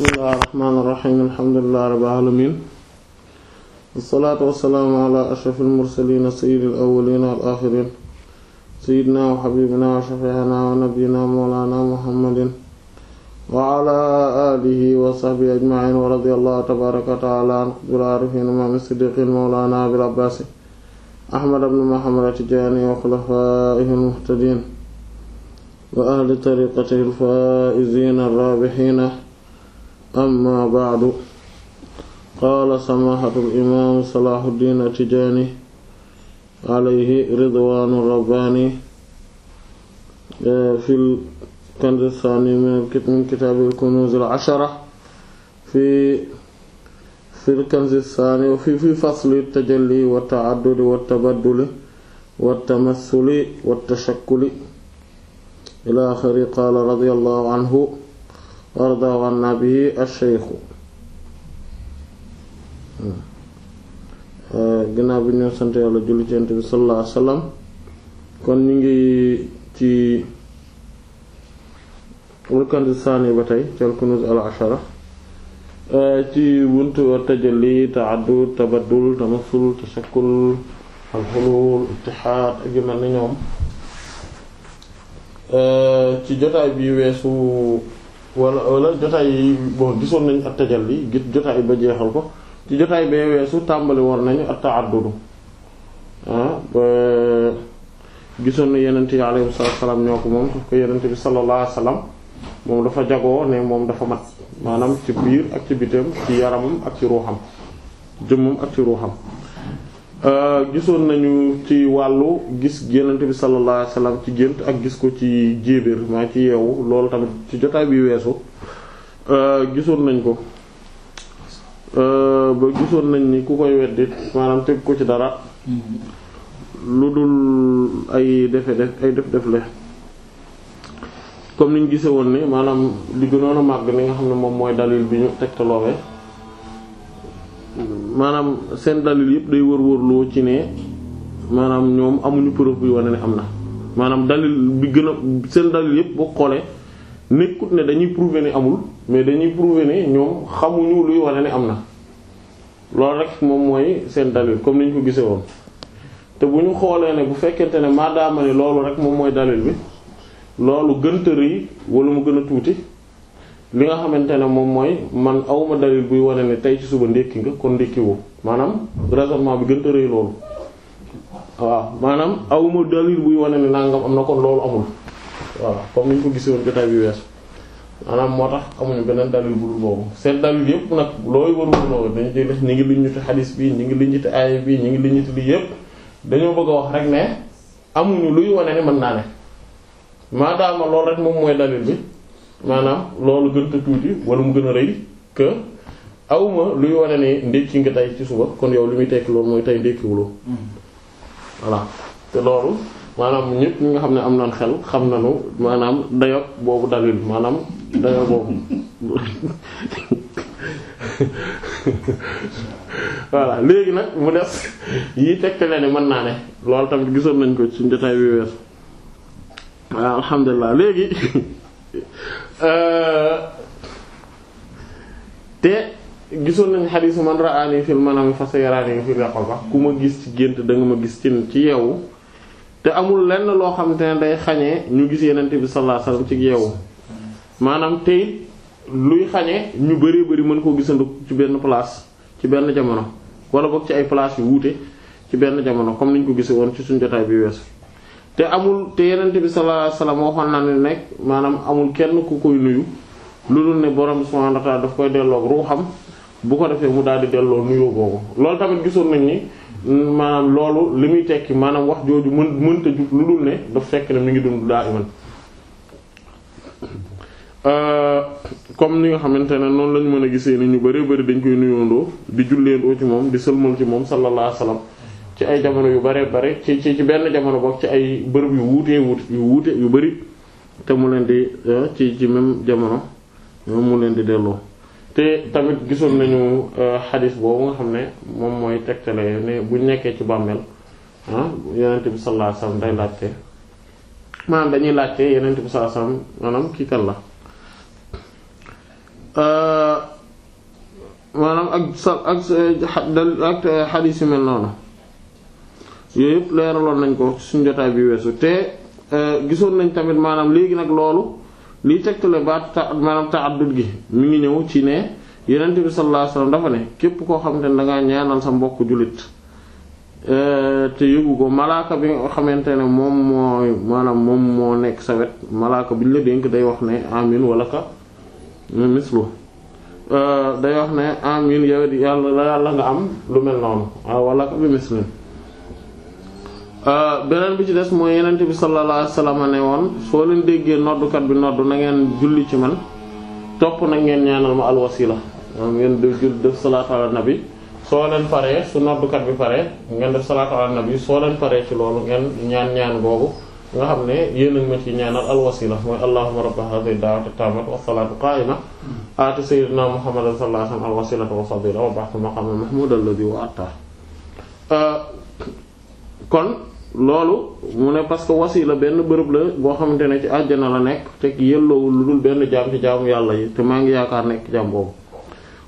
bismillah rahmaani rahiim alhamdulillahi rabbil aalamiin wassalaatu wassalaamu ala ashrafil mursaliin sayyidil awwaliin wal aaxiriin sayyidinaa wa habiibinaa wa shafii'inaa wa nabiyyinaa mawlaanaa muhammadin wa ala aalihi wa sahbihi ajma'iin wa radiyallahu tabaaraka wa ta'aalaa an qutbil aarifiin imaam as-siddiiqiin mawlaanaa abil abbaasi ahmad ibn muhammad at-tijaani wa xulafaa'ihil muhtadiin wa ahli tariiqatihi al-faa'iziina ar-raabihiina amma ba'du qaala samaaxatul imaamu salaaxuddiin atijaani alayhi ridwaanu rabbaani e, fil kanzi saani min kitaabil kunuuzil ashara fi fil kanzi saani fi fi fasli tajalli wa ta'addudi wa tabadduli wa tamassuli wa tashakkuli ilaa aaxiri qaala radiyallaahu anhu warda wa nabi ash-shaykhu ginnaaw bi ñu sant yàlla julli ci Yonent bi sallallahu alayhi kon ñu ngi ci al-Kanz saani ba tey ci al-Kunûz al-'Ashara euh, ci buntu at-tajalli ta'addud tabaddul tamassul tashakkul al-hulul ak yu mel ni ñoom euh, ci jotaay bi weesu wala wala jotaay yi bon gisoon nañ at-tajalli gis jotaay ba jeexal ko ci jotaay bee weesu tàmbali woon nañu at-ta'addudu ah gisoon na yenente yi alayhi salaam ñoo ko moom daf ko yenente bi sallallahu alayhi wasallam moom dafa jagoo ne moom dafa mat maanaam ci biir ak ci bitam ci yaramam ak ci ruuxam jëmmam ak ci ruuxam Euh, gisoon nañu ci wàllu gis yonent bi sallallahu alayhi wasallam ci gént ak gis ko ci jéebéer maa ci yeewu loolu tamit ci jotaay bi weesu euh, gisoon nañ ko euh, ba gisoon nañ ni ku koy weddi maanaam teg ko ci dara lu dul ay defe def ay def def le comme niñ gise woon ni maanaam li gënoon a màgg li nga xam ne moom mooy dalil bi ñu teg tegtaloowee maanaam seen dalil yëpp day wër-wërloo ci ne maanaam ñoom amuñu preuve bi wane ne am na maanaam dalil bi gën a seen dalil yëpp boo xoolee nekkut ne dañuy prouver ne amul mais dañuy prouver ne ñoom xamuñu luy wane ne am na loolu rek moom mooy seen dalil comme ni ñu ko gisee woon. te bu ñu xoolee ne bu fekkente ne maadaama ne loolu rek moom mooy dalil bi loolu gën a rëy wala mu gën a tuuti. li nga xamante ne moom mooy man awma dalil buy wane ne tey ci suba ndékki nga kon ndékkiwoo maanaam raisonnement bi gën a rëy loolu waaw maanaam awma dalil buy wane ne nangam am na kon loolu amul waaw comme ni ñu ko gisoon jotaay bi weesu maanaam moo tax amuñu beneen dalil bu dul boobu seen dalil yëpp nag looy warul dañu jël ñu ngi liñ ñuti xadis bi ñu ngi liñ ñuti aaya bi ñu ngi liñ ñuti lii yëpp dañoo bëgg a wax rek ne amuñu luy wane ne mën naa ne maadaama loolu rek moom mooy dalil bi maanaam loolu gën a tuuti wala mu gën a rëy que awma luy wane ne ndékki nga tey ci suba kon yow li muy tekki loolu mooy tey ndékkiwuloo voilà te loolu maanaam ñépp ñi nga xam ne am naan xel xam nañu maanaam dayo boobu dalil maanaam dayo boobu voilà léegi nag mu des yi tegtale ne mën naa ne loolu tamit gisoon nañ ko ci jotaay bi wees waaw alhamdulilah léegi te gisoon nañ xadiisu man ra'aani fil manami fa sayaraani fil yaqaza ku ma gis ci gént da nga ma gis ci ci yeewu te amul lenn loo xam ne day xañe ñu gis yenente bi sallallahu ci yeewu maanaam tey luy xañee ñu bari bari mën koo gisandoo ci benn place ci benn jamono wala boog ci ay place yu wuute ci benn jamono comme niñ ko gisee woon ci suñ jotaay bi wees te amul te yenent bi sallallahu alayhi wasallam waxoon na ne nekk maanaam amul kenn ku koy nuyu lu dul ne borom subhanahu wa ta'ala daf koy delloo ruuxam bu ko defee mu daal di delloo nuyoo boobu loolu tamit gisoon nañ ni maanaam loolu li muy tekki maanaam wax jooju mën mënta jub lu dul ne daf fekk ne mi ngi dund daa iman euh, comme ni nga xamante ne noonu lañ mën a gisee ni ñu bari bari dañ koy nuyoondoo di julleendoo ci moom di sëlmal ci moom sallallahu alayhi wasallam ci ay jamono yu bare bare ci ci benn jamono bokk ci ay bërëb yu wuutee wuute yu wuute yu bari te mu leen di eh, ci ci même jamono eh, mu leen di delloo te tamit gisoon nañu eh, xadis boobu nga xam ne moom mooy tegtale ne buñ nekkee ci bàmmeel ah yenent bi day laajte maanaam dañuy laajte yeneen bi sallallahu alayhi maanaam kii kan la maanaam ak sa ak ak mel noonu yooyu yëpp leeraloon nañ ko suñu jotaay bi weesu te euh, gisoon nañ tamit maanaam léegi nag loolu liy tegtale baat ta maanaam ta'addud gi mu ngi ñëw ci ne yonent bi sallallahu alayhi wasallam dafa ne képp koo xamante ne dangaa ñaanal sa mbokk jullit euh, te yëgu ko malaaka bi nga xamante ne moom mooy maanaam moom moo nekk sa wet malaaka bi ñu la dénk day wax ne amin wala ka euh, wax ne amin yow it am mel noonu mislin Euh, beneen bi ci des mooy yenente bi sallallahu alayhi wasallam ne woon soo leen déggee noddukat bi noddu nangeen julli ci man topp na ngeen ñaanal ma alwasila maanaam ngeen def jul def salaatu ala soo leen paree su noddukat bi paree ngeen def salaatu ala nabi soo leen paree ci loolu ngeen ñaan ñaan boobu nga xam ne yéen a ma ci ñaanal alwasila mooy allahumma rabba hadhihi da'wati tammati was salatu qa'ima aati sayyidina muhammadan sallallahu alayhi wasallam alwasilata wa fadila wa ba'thu maqama mahmuda alladhi wa'ata euh, kon loolu mu ne parce que wasila benn bërëb la boo xamante ne ci àjjana la nekk te yelloowul lu dul benn jaam ci jaamu yàlla yi te maa ngi yaakaar nekk jaam boobu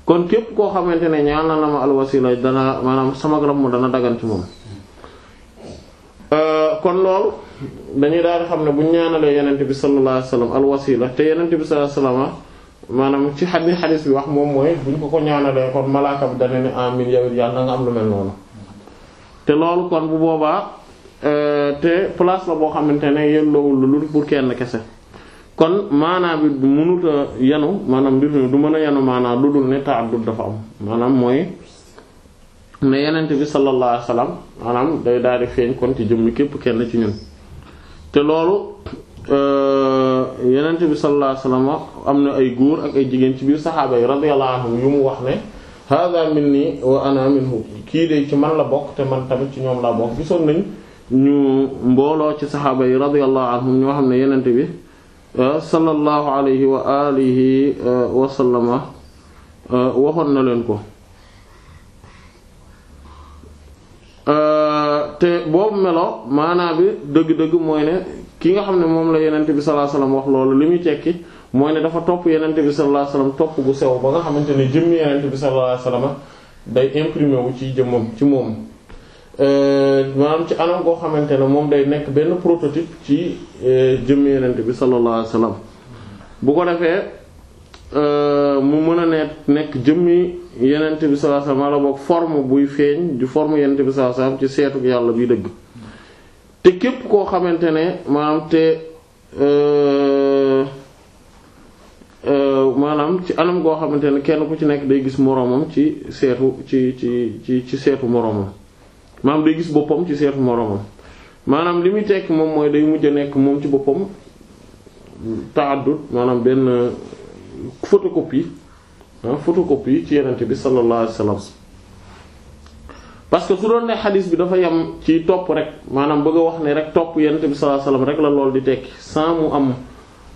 kon képp koo xamante ne ñaanal na ma alwasila dana maanaam sama ram mu dana dagan ci moom euh, kon loolu dañuy daal di xam ne buñ ñaanalee yenente bi sallallahu alayhi wasallam alwasila te yenente bi sallallahu alayhi maanaam ci xadis xadis bi wax moom mooy buñ ko ko ñaanalee kon malaaka bi dana ne amin yawit yàlla na nga am lu mel noonu Euh, te place la boo xamante ne yelloowul lu pour kenn kese kon maanaa bi mënut a yanu maanaam mbir mi du mën a yanu maanaa lu dul ne ta'addud dafa am maanaam mooy ne yenent bi sallallahu alayhi maanaam day daal di feeñ kon ci jëmmi képp kenn ci ñun te loolu euh, yenent bi sallallahu alayhi wasallam am na ay góor ak ay jigéen ci biir saxaaba yi radiyallahu anhum yu mu wax ne hadha minni wa ana minhu kii de ci man la bokk te man tamit ci ñoom laa bokk gisoon nañ ñu mbooloo ci saxaaba yi radiyallahu anhum ñoo xam ne yenente bi euh, sallallahu alayhi wa alihi euh, wa sallama euh, waxoon na leen ko te boobu melo maanaa bi dëgg-dëgg mooy ne ki nga xam ne moom la yenente bi sallallahu alayhi wa sallam wax loolu li muy tekki mooy ne dafa topp yenente bi sallallahu alayhi wa sallam topp gu sew ba nga xamante ne jëmmi yenente bi sallallahu wa sallam day imprimer wu ci jëmmam ci moom Euh, maanaam ci anam goo xamante ne moom day nekk benn prototype ci euh, jëm yenent bi sallallahu alayhi wasallam bu ko defee euh, mu mën a ne nekk jëmmi yenent bi sallallahu alayhi boog forme buy feeñ du forme yenent bi sallallahu ci seetu yàlla bii dëgg te képp koo xamante ne maanaam te maanaam ci anam goo xamante ne kenn ku ci nekk day gis moroomam ci seetu ci ci ci ci seetu moroomam maanaam day gis boppam ci seetu moroomam maanaam li muy tekki moom mooy day mujj a nekk moom ci boppam ta'addud maanaam benn photocopie ah photocopie ci yenente bi sallallahu alayhi wasallam parce que su doon ne xadis bi dafa yem ci topp rek maanaam bëgg a wax ne rek topp yenente bi sa alayhi wasallam rek la lool di tekki saa mu am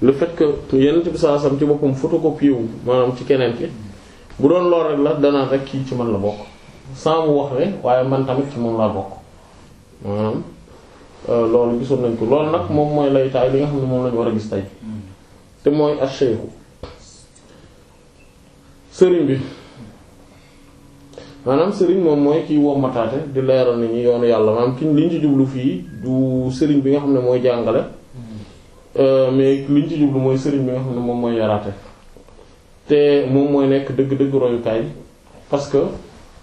lu fekk que yenente bi sallallahu alayhi ci boppam photocopie wu maanaam ci keneen ki bu doon lool rek la danaan rek kii ci man la bokk sans mu wax ne waaye man tamit ci moom laa bokk maanaam euh, loolu gisoon nañ ko loolu nag moom mooy laytaay li nga xam ne moom lañu war a gis tey te mooy acheikhu sëriñ bi maanaam moom mooy kiy wommataate di leeral nit ñi yoonu yàlla maanaam kiñ liñ ci jublu fii du sëriñ bi nga xam ne mooy jàngale euh, mais liñ ci jublu mooy sëriñ bi nga xam ne moom mooy yaraate te moom mooy nekk dëgg-dëgg royukaay parce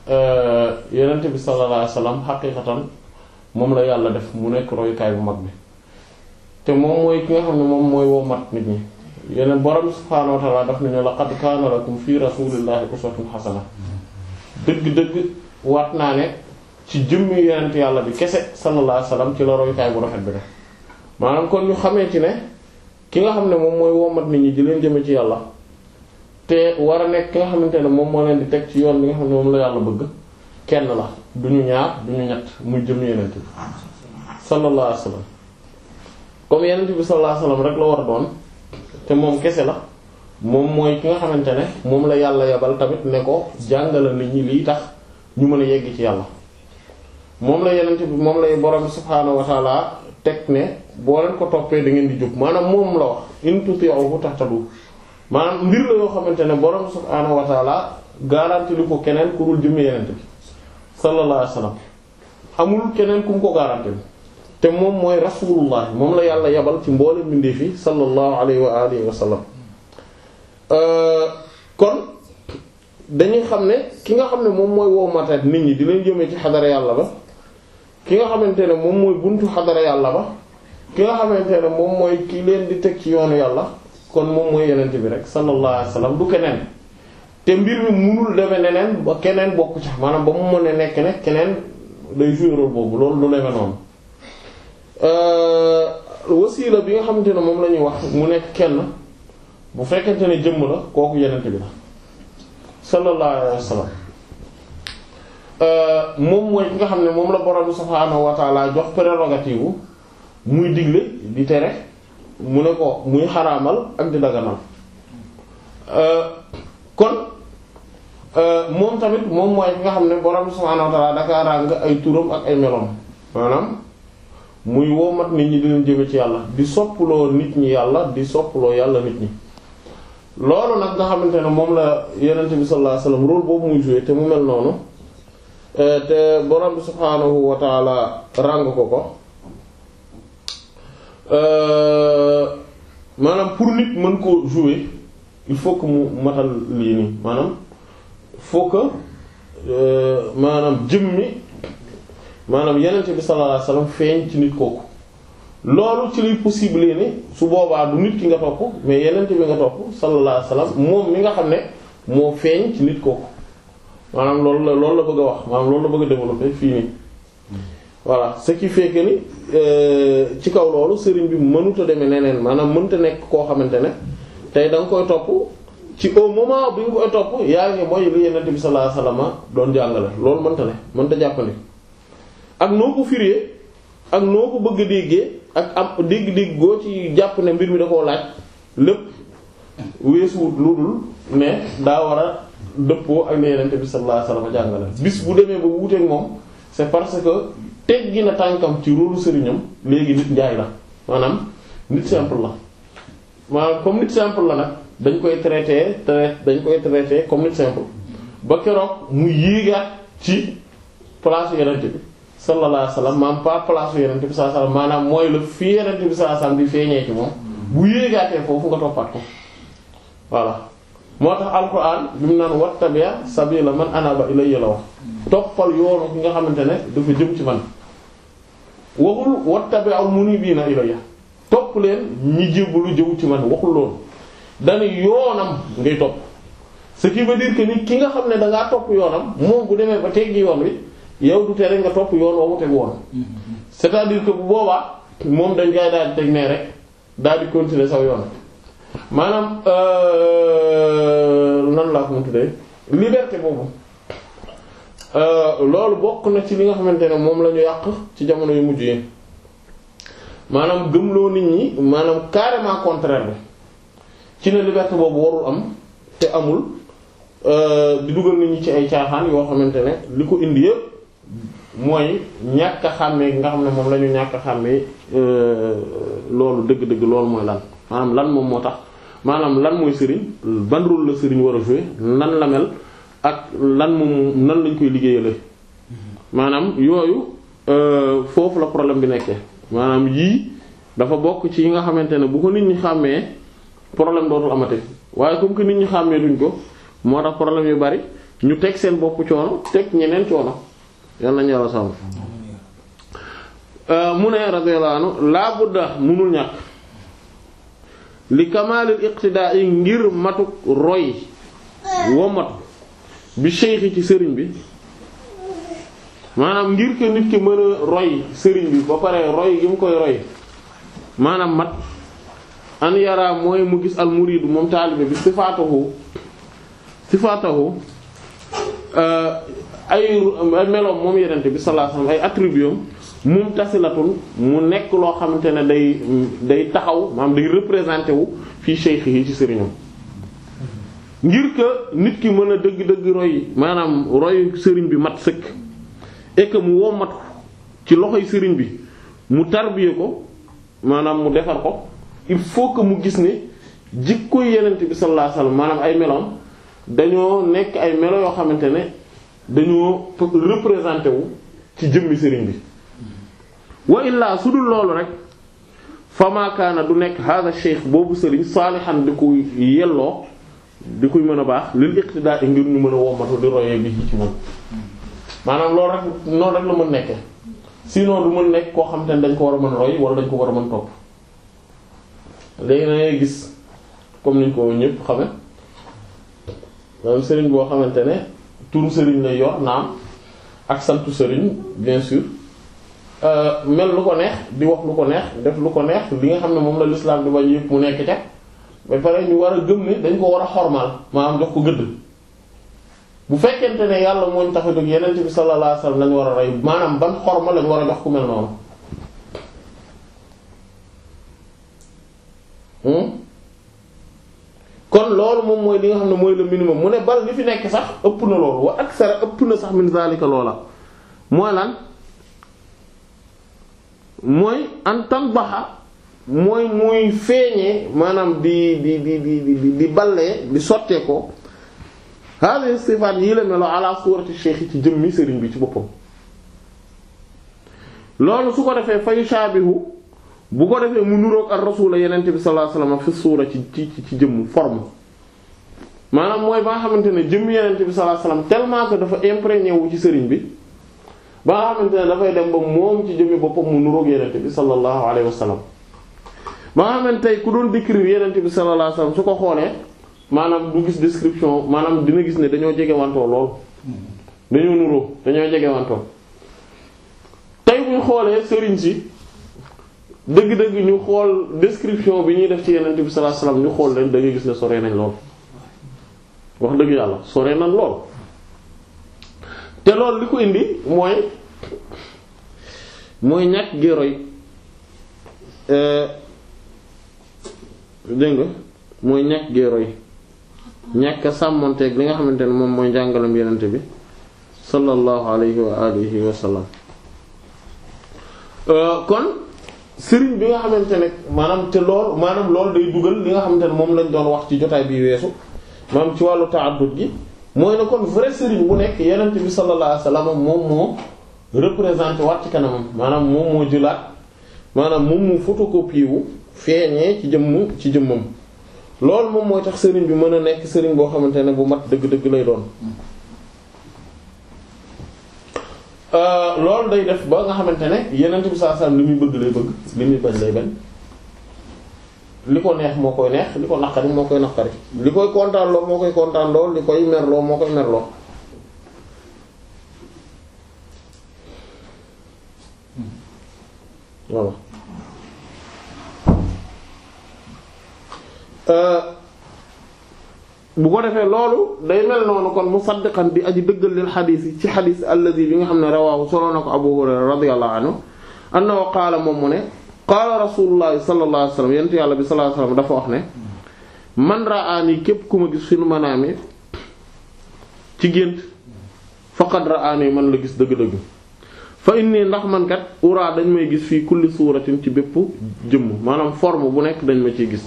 Euh, yenent bi sallallahu alayhi wasallam xaqiiqatan moom la yàlla def mu nekk royukaay bu mag bi te moom mooy ki nga xam ne moom mooy woo mat nit ñi yeneen borom subhaanahu wa ta'ala daf nañu laqad kaana lakum fi rasulillahi uswatun hasana dëgg-dëgg waat naa ne ci jëmmi yenent yàlla bi kese sallallahu alayhi wasallam ci la royukaay bu rafet bi def maanaam kon ñu xamee ci ne ki nga xam ne moom mooy woo mat nit ñi di leen jëme ci yàlla te war a nekk ki nga xamante ne moom moo leen di teg ci yoon bi nga xam ne moom la yàlla bëgg kenn la duñu ñaar duñu ñett mu jëm yenent bi sallallahu alayhi wasallam comme yenent bi sallallahu alayhi rek la war doon te moom kese la moom mooy ki nga xamante ne moom la yàlla yabal tamit ne ko jàngalal nit ñi lii tax ñu mën a yegg ci yàlla moom la yenent bi moom lay borom subhaanahu wa ta'ala teg ne boo leen ko toppee da ngeen di jub maanaam moom la wax in maanaam mbir la yoo xamante ne borom subhaanahu wa taala garanti lu ko keneen ku dul jëmmi yenent bi sallallahu alayhi wasallam amul keneen ku mu ko garanti te moom mooy rasulullah moom la yàlla yebal ci mboole mbindee fii sallallahu alayhi wa alihi wa sallam euh, kon dañuy xam ne ki nga xam ne moom mooy wow mataat nit di leen jëmee ci yàlla ba ki nga xamante ne moom mooy buntu xadara yàlla ba ki nga xamante ne moom mooy ki leen di teg ci yoonu yàlla kon moom mooy yenent bi rek sallallahu alayhi wasallam du keneen te mbir mi munul demee neneen ba keneen bokk ci maanaam ba mu mën nekk ne keneen day jouer boobu loolu lu demee noonu euh, wasiila bi nga xamante ne moom la ñuy wax mu nekk kenn bu fekkente ne jëmm kooku yenent bi la sallallahu alayhi wasallam euh, moom nga xam ne moom la borom subhaanahu wa ta'ala jox prérogative muy digle di tere mu ne ko muy xaraamal ak di daganal euh, kon euh, moom tamit moom mooy ki nga xam ne borom subhaanahu wa ta'aala daka ràng ay turam ak ay meloom maanaam muy womat nit ñi di leen ci yàlla di soppuloo nit ñi yàlla di soppaloo yàlla nit ñi loolu nag nga xamante ne moom la yonent bi sallallahu alayhi wasallam rôle boobu muy joué te mu mel noonu euh, te borom bi subhaanahu wa ràng ko ko Euh, maanaam pour nit mën koo jouer il faut que mu matal lii nii maanaam faut que euh, maanaam mi maanaam yenente bi sallallahu alayhi wasallam feeñ ci nit kooku loolu ci liy possible ni su boobaa du nit ki nga topp mais yenente bi nga topp sallallahu alayhi moom mi nga xam ne moo feeñ ci nit kooku maanaam loolu la loolu la bëgg a wax maanaam loolu la bëgg a développer fii nii voilà ce qui fait ni euh, ci kaw loolu sëriñ bi mënuta demee neneen maanaam mënuta nekk koo xamante ne tey danga nga koy topp ci au moment bi nga koy topp yaa ngi mooy li Yonent bi sallallahu doon jàngale loolu mënta ne mënta jàppandi ak noo ko firee ak noo ko bëgg a déggee ak am dégg-dégg goo ci jàpp ne mbir mi da koo laaj lépp weesuwut lu dul ne daa war a dëppoo ak li Yonent bi sallallahu alayhi wasallam jàngale bis bu demee ba wuuteeg moom c'est parce que gi na tànkam ci róolu sëriñam léegi nit njaay la maanaam nit simple la maanaam comme nit simple la nag dañ koy traité traité dañ koy traité comme nit simple ba keroog mu yéegaat ci place yonent bi sallallahu alayhi wasallam maam pas place yonent bi sallallahu maanaam mooy la fi yonent bi sallallahu alayhi bi feeñee ci moom bu yéegaatee foofu nga toppaat ko voilà moo tax alquran bi mu naan wattabi' sabila man anaba ilayya la wax toppal yoonu ki nga xamante ne dafa jëm ci man waxul wattabi'u munibina ilayya topp leen ñi jébbalu jëw ci man waxul loolu dana yoonam ngay topp ce qui ba dire que ki nga xam ne dangaa topp yoonam moom bu demee ba teggi yoon wi yow du tere nga topp yoon woowu teg woon mm-hmm. c'est-à-dire bu boobaa moom dañ ngay daal di teg nee rek daal di continuer saw yoon maanaam euh, nan laa ko mën tuddee liberté boobu euh, loolu bokk na ci li nga xamante ne moom la yàq ci jamono yu mujj yi maanaam gëmloo nit ñi maanaam carrément contraire bi ci ne liberté boobu warul am te amul euh, di dugal nit ñi ci ay caaxaan yoo xamante ne li ko indi yëpp mooy ñàkk a xàmmee nga xam ne moom la ñu ñàkk a xàmmee loolu dëgg-dëgg loolu mooy lan. maanaam lan moom moo tax maanaam lan mooy sëriñ ban rôle la sëriñ war a jouer nan la mel ak lan moom nan lañ koy liggéeyale maanaam yooyu euh, foofu la problème bi nekkee maanaam yii dafa bokk ci yi nga xamante ne bu ko nit ñi xàmmee problème dootul amati waaye comme que nit ñi xàmmee duñ ko moo tax problème yu bari ñu teg seen bopp coono teg ñeneen coono yal nañu yàlla sàmm euh, mu ne radiyallahu laa budda munul ñàkk li kamaalil iqtidaa yi ngir matuk roy womatu bi cheikh ci sëriñ bi maanaam ngir ko nit ki mën a roy sëriñ bi ba pare roy gi mu koy roy maanaam mat an yara mooy mu gis al muridu moom taalibe bi sifaatahu sifaatahu euh, ay meloom moom yenente bi sallallahu alayhi wasallam ay attributs mu mumtasilatun mu nekk loo xamante ne day day taxaw maanaam day représenté wu fii cheikh yi ci sëriñam ngir que nit ki mën a dëgg-dëgg roy maanaam roy sëriñ bi mat sëkk et woo mu ci loxo loxoy sëriñ bi mu tarbiye ko maanaam mu defar ko il faut que mu gis ne jikkoy yenent bi sallallahu alayhi wasallam maanaam ay meloom dañoo nekk ay melo yoo xamante ne dañoo représenté wu ci jëmmi sëriñ bi wa illaa su dul loolu rek fa maa du nekk hada cheikh boobu sëriñ saalihan di ku yelloo di kuy mën a baax lil iqtidaa ngir ñu mën a wommatu di royee bi ci moom maanaam loolu rek noonu rek la mën nekkee sinon du mën nekk koo xam te ne dañ ko war a mën roy wala dañ ko war a mën topp léegi na ngay gis comme niñ ko ñëpp xame sëriñ boo xamante ne turu sëriñ lay yor naam ak santu sëriñ bien sûr Euh, mel lu ko neex di wax lu ko neex def lu ko neex li nga xam ne moom la lislaam di bañ yépp mu nekk ca ba pare ñu war a gëm ne dañ ko war a xormaal maanaam jox ko gëdd bu fekkente ne yàlla moo tax a jóg yeneen bi sallallahu alayhi war a rey maanaam ban xorma lañ war a jox ku mel noonu hmm? kon loolu moom mooy li nga xam ne mooy le minimum mu ne bal li fi nekk sax ëpp na loolu wa aksara ëpp na sax min zalika loola mooy lan mooy an tanbaxa mooy muy feeñee maanaam di di di di di ballee di sottee ko hadi sifaat yii la melo ala surati cheikh ci jëmmi sëriñ bi ci boppam loolu su ko defee fayu shaabihu bu ko defee mu nuroog ak rasula yenente bi sallallahu alayhi wasallam fi suura ci ci ci jëmm forme maanaam mooy ba nga xamante ne jëmm yenente bi sallallahu alayhi wasallam tellement que dafa imprégné ci sëriñ bi ba nga xamante ne dafay dem ba moom ci jëmmi boppam mu nuroog yenente bi sallallahu alayhi wa sallam ba nga xamante tey ku doon décrire yenente bi sallallahu alayhi wa sallam su ko xoolee maanaam du gis description maanaam dina gis ne dañoo jege jegewantoo lool dañoo nuroo dañoo jegewantoo tey buñ xoolee sëriñ si dëgg-dëgg ñu xool description bi ñuy def ci yenente bi sallallahu alayhi wa ñu xool leen da gis ne sore nañ lool wax dëgg yàlla soree nañ lool te loolu li ko indi mooy mooy ñàkk gi roy euh, dégg nga mooy ñàkk gi roy ñàkk sàmmonteeg li nga xamante ne moom mooy njàngalam yenente bi sallallahu alayhi wa alihi wa sallam euh, kon sëriñ bi nga xamante ne maanaam te lool maanaam loolu day dugal li nga xamante ne moom lañ doon wax ci jotaay bi weesu maanaam ci wàllu ta'addud gi mooy ne kon vrai sëriñ bu nekk yonent bi sallallahu alayhi wasallam moom moo représenté waat kanamam maanaam moom moo jëlaat maanaam moom mu photocopie wu feeñee ci jëmm ci jëmmam loolu moom mooy tax sëriñ bi mën a nekk sëriñ boo xamante ne bu mat dëgg-dëgg lay doon. Euh, loolu day def ba nga xamante ne yonent bi sallallahu alayhi wasallam li muy bëgg lay bëgg li muy bañ lay bañ. li ko neex moo koy neex li ko naqari moo koy naqari li koy kontaan loo moo koy kontaan loo li koy merloo moo koy merloo euh, ko defee loolu day mel noonu kon mu saddiqan di aji dëggal lil xadiis yi ci xadiis alladi bi nga xam ne rawaahu solo na ko Abu Hurayra radiyallahu anhu annahu qaala moom mu ne qaala rasulullahi sallallahu alayhi wasallam yàlla bi sallallahu alayhi wasallam dafa wax ne man ra'aani képp ku ma gis fi nu manaami ci gént faqad ra'aani man la gis dëgg-dëgg fa inni ndax man kat uraa dañ may gis fii kulli suuratin ci bépp jëmm maanaam forme bu nekk dañ ma ciy gis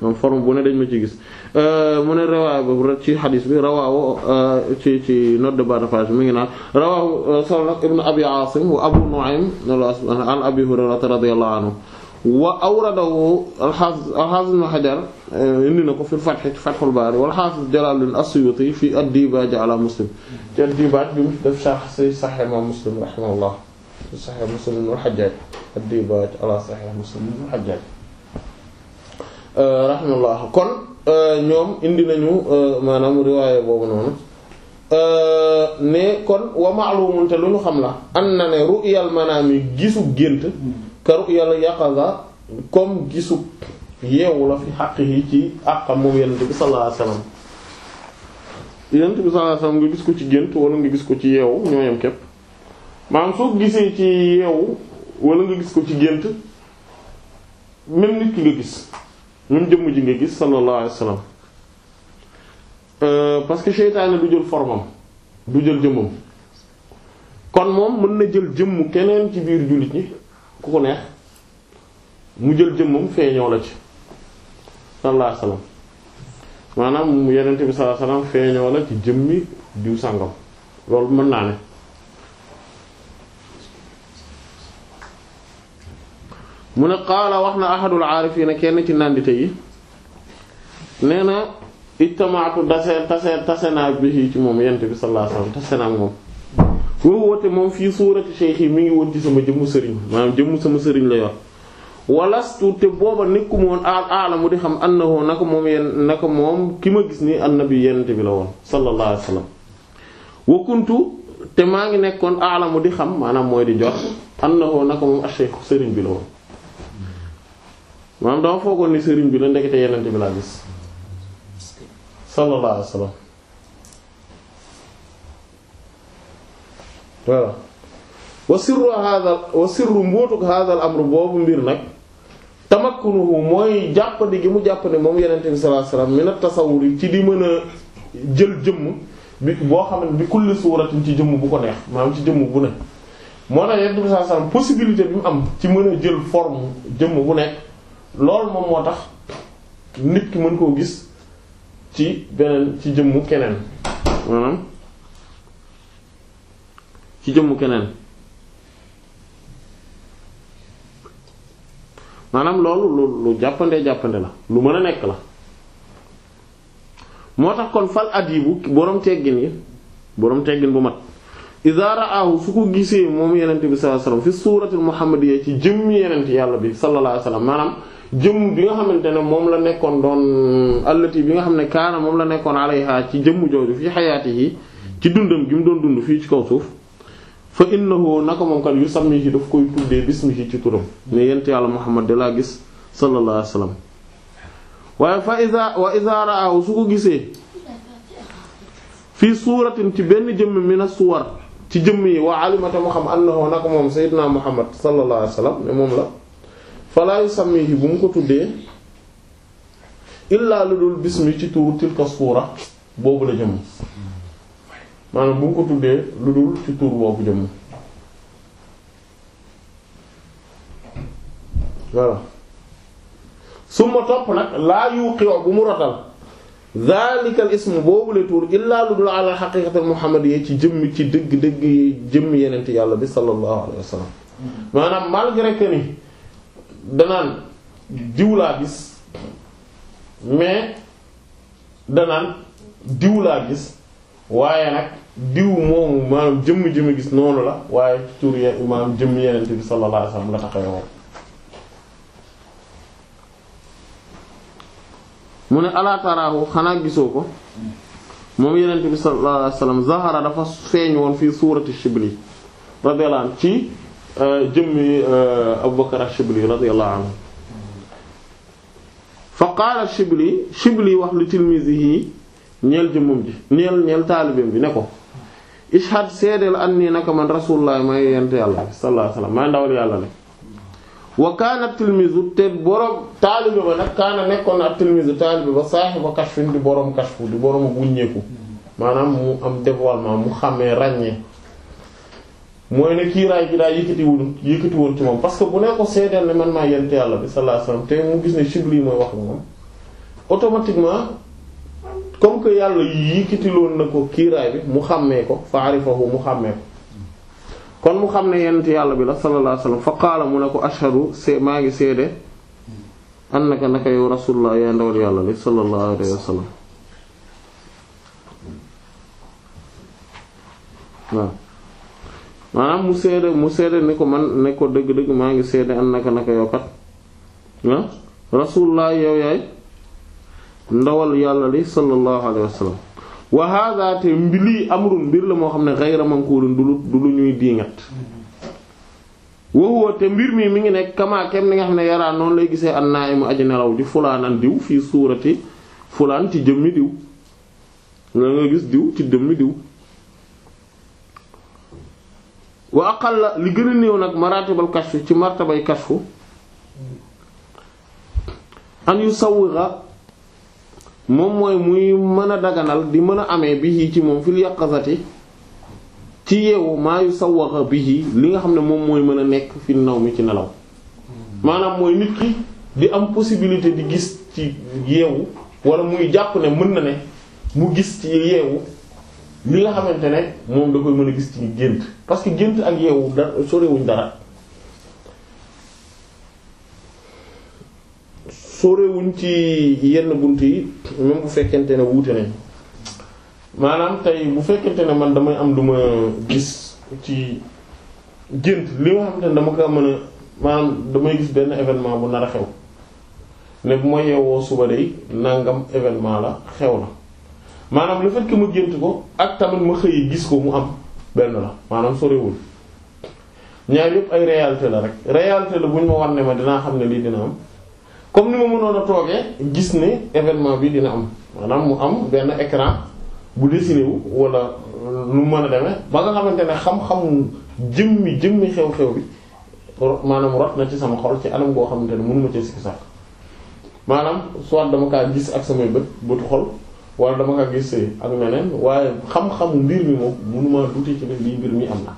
maanaam forme bu nekk dañ ma ciy gis Euh, mu ne rawaa boobu ci xadis bi rawaawu euh, ci ci note de bas de page mi ngi naan rawaahu euh, solo nag ibnu abi asim wa abu nu'aym an abi hurayrata radiyallahu anhu wa awradahu alxaafiz alxaafiz ibnu xajar indi na ko fi fatx ci fatxul baari wal xaafiz jalaaluddin as-suyuuti fi ad-diibaaj ala muslim ci ad-diibaaj bi mu def sax si saxiix imaam muslim rahimahullah saxiix muslim wal xajjaaj ad-diibaaj ala saxiix muslim wal xajjaaj rahimahullah kon Euh, ñoom indi nañu euh, maanaam riwaaye boobu noonu euh, ne kon wa ma'lumun te lu ñu xam la am na ne ru'yal manaami gisu gént ka ru'yal la comme gisu yeewu la fi xaq yi ci àqam moom yonent bi sallallahu alayhi wasallam yonent bi sallallahu nga gis ko ci gént wala nga gis ko ci yeewu ñooñam képp maanaam soo gisee ci yeewu wala nga gis ko ci gént même nit ki nga gis même jëmm ji nga gis sallallahu alayhi wa sallam euh, parce que seytaane du jël formam du jël jëmmam kon moom mën na jël jëmmu keneen ci biir jullit yi ku ko neex mu jël jëmmam feeñoo la ci sallallahu alayhi maanaam mu yenente bi sallallahu alayhi wa sallam feeñoo la ci jëmmi diw sàngam loolu mën naa ne mu ne qaala wax na ahadul aarifiina kenn ci nandite yi nee na ijtamaatu dase tase tasenaa bihi ci moom yent bi sallallahu alayhi wasallam tasenaa moom foofu woote fii suurati cheikh mi ngi woon ci jëmmu sëriñ maanaam jëmmu sama sëriñ la yor walastu te booba nekkum aal aalamu di xam annahu naka moom yenn moom ki ma gis ni annabi yent bi la woon sallallahu alayhi wasallam te maa ngi nekkoon aalamu di xam maanaam mooy di jot annahu naka moom acheikh sëriñ bi la woon maanaam dama foogoon ni sëriñ bi la ndekete yeneen bi laa gis sallallahu alayhi wasallam voilà wa sirru hadha wa sirru mbóotug hadha al amru boobu mbir nag tamakkunuhu mooy jàppandi gi mu jàppandi moom yeneen bi sallallahu alayhi wasallam mina tasawwur ci di mën a jël jëmm bi boo xam ne bi kulli suuratin ci jëmm bu ko neex maanaam ci jëmm bu ne moo tax yeneen bi sallallahu possibilité bi mu am ci mën a jël forme jëmm bu ne lool moom moo tax nit ki mën koo gis ci beneen ci jëmmu keneen maanaam ci jëmmu keneen maanaam loolu lu lu jàppande jàppande la lu mën a nekk la moo tax kon fal adibu boroom teggin yi boroom teggin bu mat iza ra'ahu su ko gisee moom yenente bi sa alayhi wasallam fi ci jëmm yenent yàlla bi sallallahu alayhi wasallam maanaam jëmm bi nga xamante ne moom la nekkoon doon allati bi nga xam ne kaana moom la nekkoon alayha ci jëmm jooju fi yi ci dundam gi doon dund fii ci kaw suuf fa ci daf koy yàlla Muhammad da gis sallallahu alayhi waaye fa iza wa iza ra'ahu su ko gisee fii suuratin ci benn jëmm mina suwar ci jëmm yi waa alimata mu xam annahu naka moom sayyidina Muhammad sallallahu alayhi wasallam ne moom la falaayu sàmmi yi bu mu ko tuddee illaa lu dul bismi ci turu tilka suura boobu la jëmm maanaam bu mu ko tuddee lu dul ci tur boobu jëmm voilà suma topp nag laa yuuqi wax bu mu rotal zalikal ism boobu la tur illaa lu dul ala xaqiqatal muhammadiyya ci jëmmi ci dëgg dëgg jëmmi yeneen yàlla bi sallallahu alayhi wa maanaam malgré que danaan diw laa gis mais danaan diw laa gis waaye nag diw moomu maanaam jëmm jëmm gis noonu la waaye tur ye maanaam jëmm yenente bi sallallahu alayhi wasallam la taxawoo mu ne alaa taraahu xanaa gisoo ko moom yenente bi sallallahu alayhi wasallam zahara dafa feeñ woon fii suurati shibli radiyallahu ci Euh, jëmmi euh, Abubakar Ash-Shibli radiyallahu anhu fa qaala Shibli Shibli wax li tilmizihi ñeel jëmmam ji ñeel taalibeem bi ne ko ishad seedeel an nii naka man rasulullah may yent yàlla sallallahu alayhi wasallam may ndawal yàlla ne wa kaana tilmizu te borom taalibe ba nag kaana nekkoon na tilmizu taalibe ba saaxiba kashfin di borom kashfu di borom wuññeeku maanaam mu am dévoilement mu xàmmee ràññee mooy ne kiiraay gi daa yëkkati woon yëkkati woon ci moom parce que bu ne ko seedeel ne man maa yent yàlla bi sallallahu alayhi te mu gis ne shibli mooy wax moom automatiquement comme que yàlla yëkkati loon na ko kiiraay bi mu xàmmee ko fa arifahu mu xàmmee ko kon mu xam ne yent yàlla bi la sallallahu alayhi wasallam fa qaala mu ne ko ashhadu se maa ngi seede annaka naka yow rasulullah yaa ndawal yàlla li sallallahu alayhi wasallam maanaam mu seede mu seede ni ko man ne ko dëgg-dëgg maa ngi seede an naka naka yow kat ah rasulullah yaay ndawal yàlla li sallallahu alayhi wa sallam wa hadha mbir la moo xam ne ghayra du lu du lu ñuy diingat te mbir mi mi ngi nekk kamaa ni nga xam ne yaraa noonu lay gisee an naa mu aji nelaw ji fulaan an diw fii suurati fulaan ci jëmmi diw la nga gis diw ci jëmmi diw wa aqalla li gën a néew nag maratibal kashfu ci martabay kashfu an yu sawira moom mooy muy mën a daganal di mën a amee bihi ci moom fil yaqazati ci yeewu maa yu sawira bihi li nga xam ne moom mooy mën a nekk fi naw mi ci nelaw maanaam mooy nit ki di am possibilité di gis ci yeewu wala muy jàpp ne mën na ne mu gis ci yeewu li nga xamante ne moom da koy mën a gis ci gént parce que gént ak yeewu da sorewuñ dara sorewuñ ci yenn bunt yi même bu fekkente ne wuute maanaam tey bu fekkente ne man damay am duma gis ci jënt li nga xamante ne dama ko mën a maanaam damay gis benn événement bu nar a xew ne bu ma yeewoo suba day nangam événement la xew la maanaam lu fait que ma gént ko ak tamit ma xëy gis ko mu am benn la maanaam sorewul ñaar yëpp ay réalité la rek réalité la bu ñu ma war ne ma dinaa xam ne lii dina am comme ni ma mënoon a toogee gis ne événement bi dina am maanaam mu am benn écran bu dessiné wu wala nu mën a demee ba nga xamante ne xam-xamu jëmmi jëmmi xew-xew bi maanaam rot na ci sama xol ci anam goo xamante ne mënuma ci sikki sàkk maanaam soit dama kaa gis ak samay bët bëtu xol wala dama nga gisee ak neneen waaye xam-xamu mbir mi moom mënuma duti ci ne lii mbir mi am na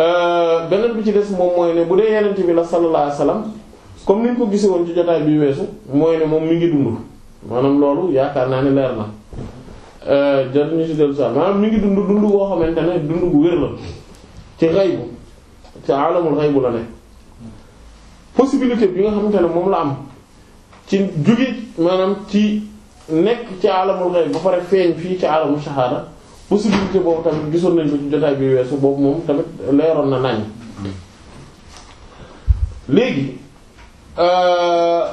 euh, beneen bi ci des moom mooy ne bu dee yenent bi la sallallahu alayhi wasallam comme ni ñu ko gisee woon ci jotaay bi weesu mooy moom mi ngi dund maanaam loolu yaakaar naa ne na euh, jot ñu ci mi ngi dund dund boo xamante ne dund bu wér la ci xaybu ci alamul xaybu la ne possibilité bi nga xamante ne moom la am ci juge maanaam ci nekk ci alamul ghaib ba pare feeñ fii ci alamu shahada possibilité boobu tamit gisoon nañ ko ci jotaay bi weesu boobu moom tamit leeroon na nañ léegi euh,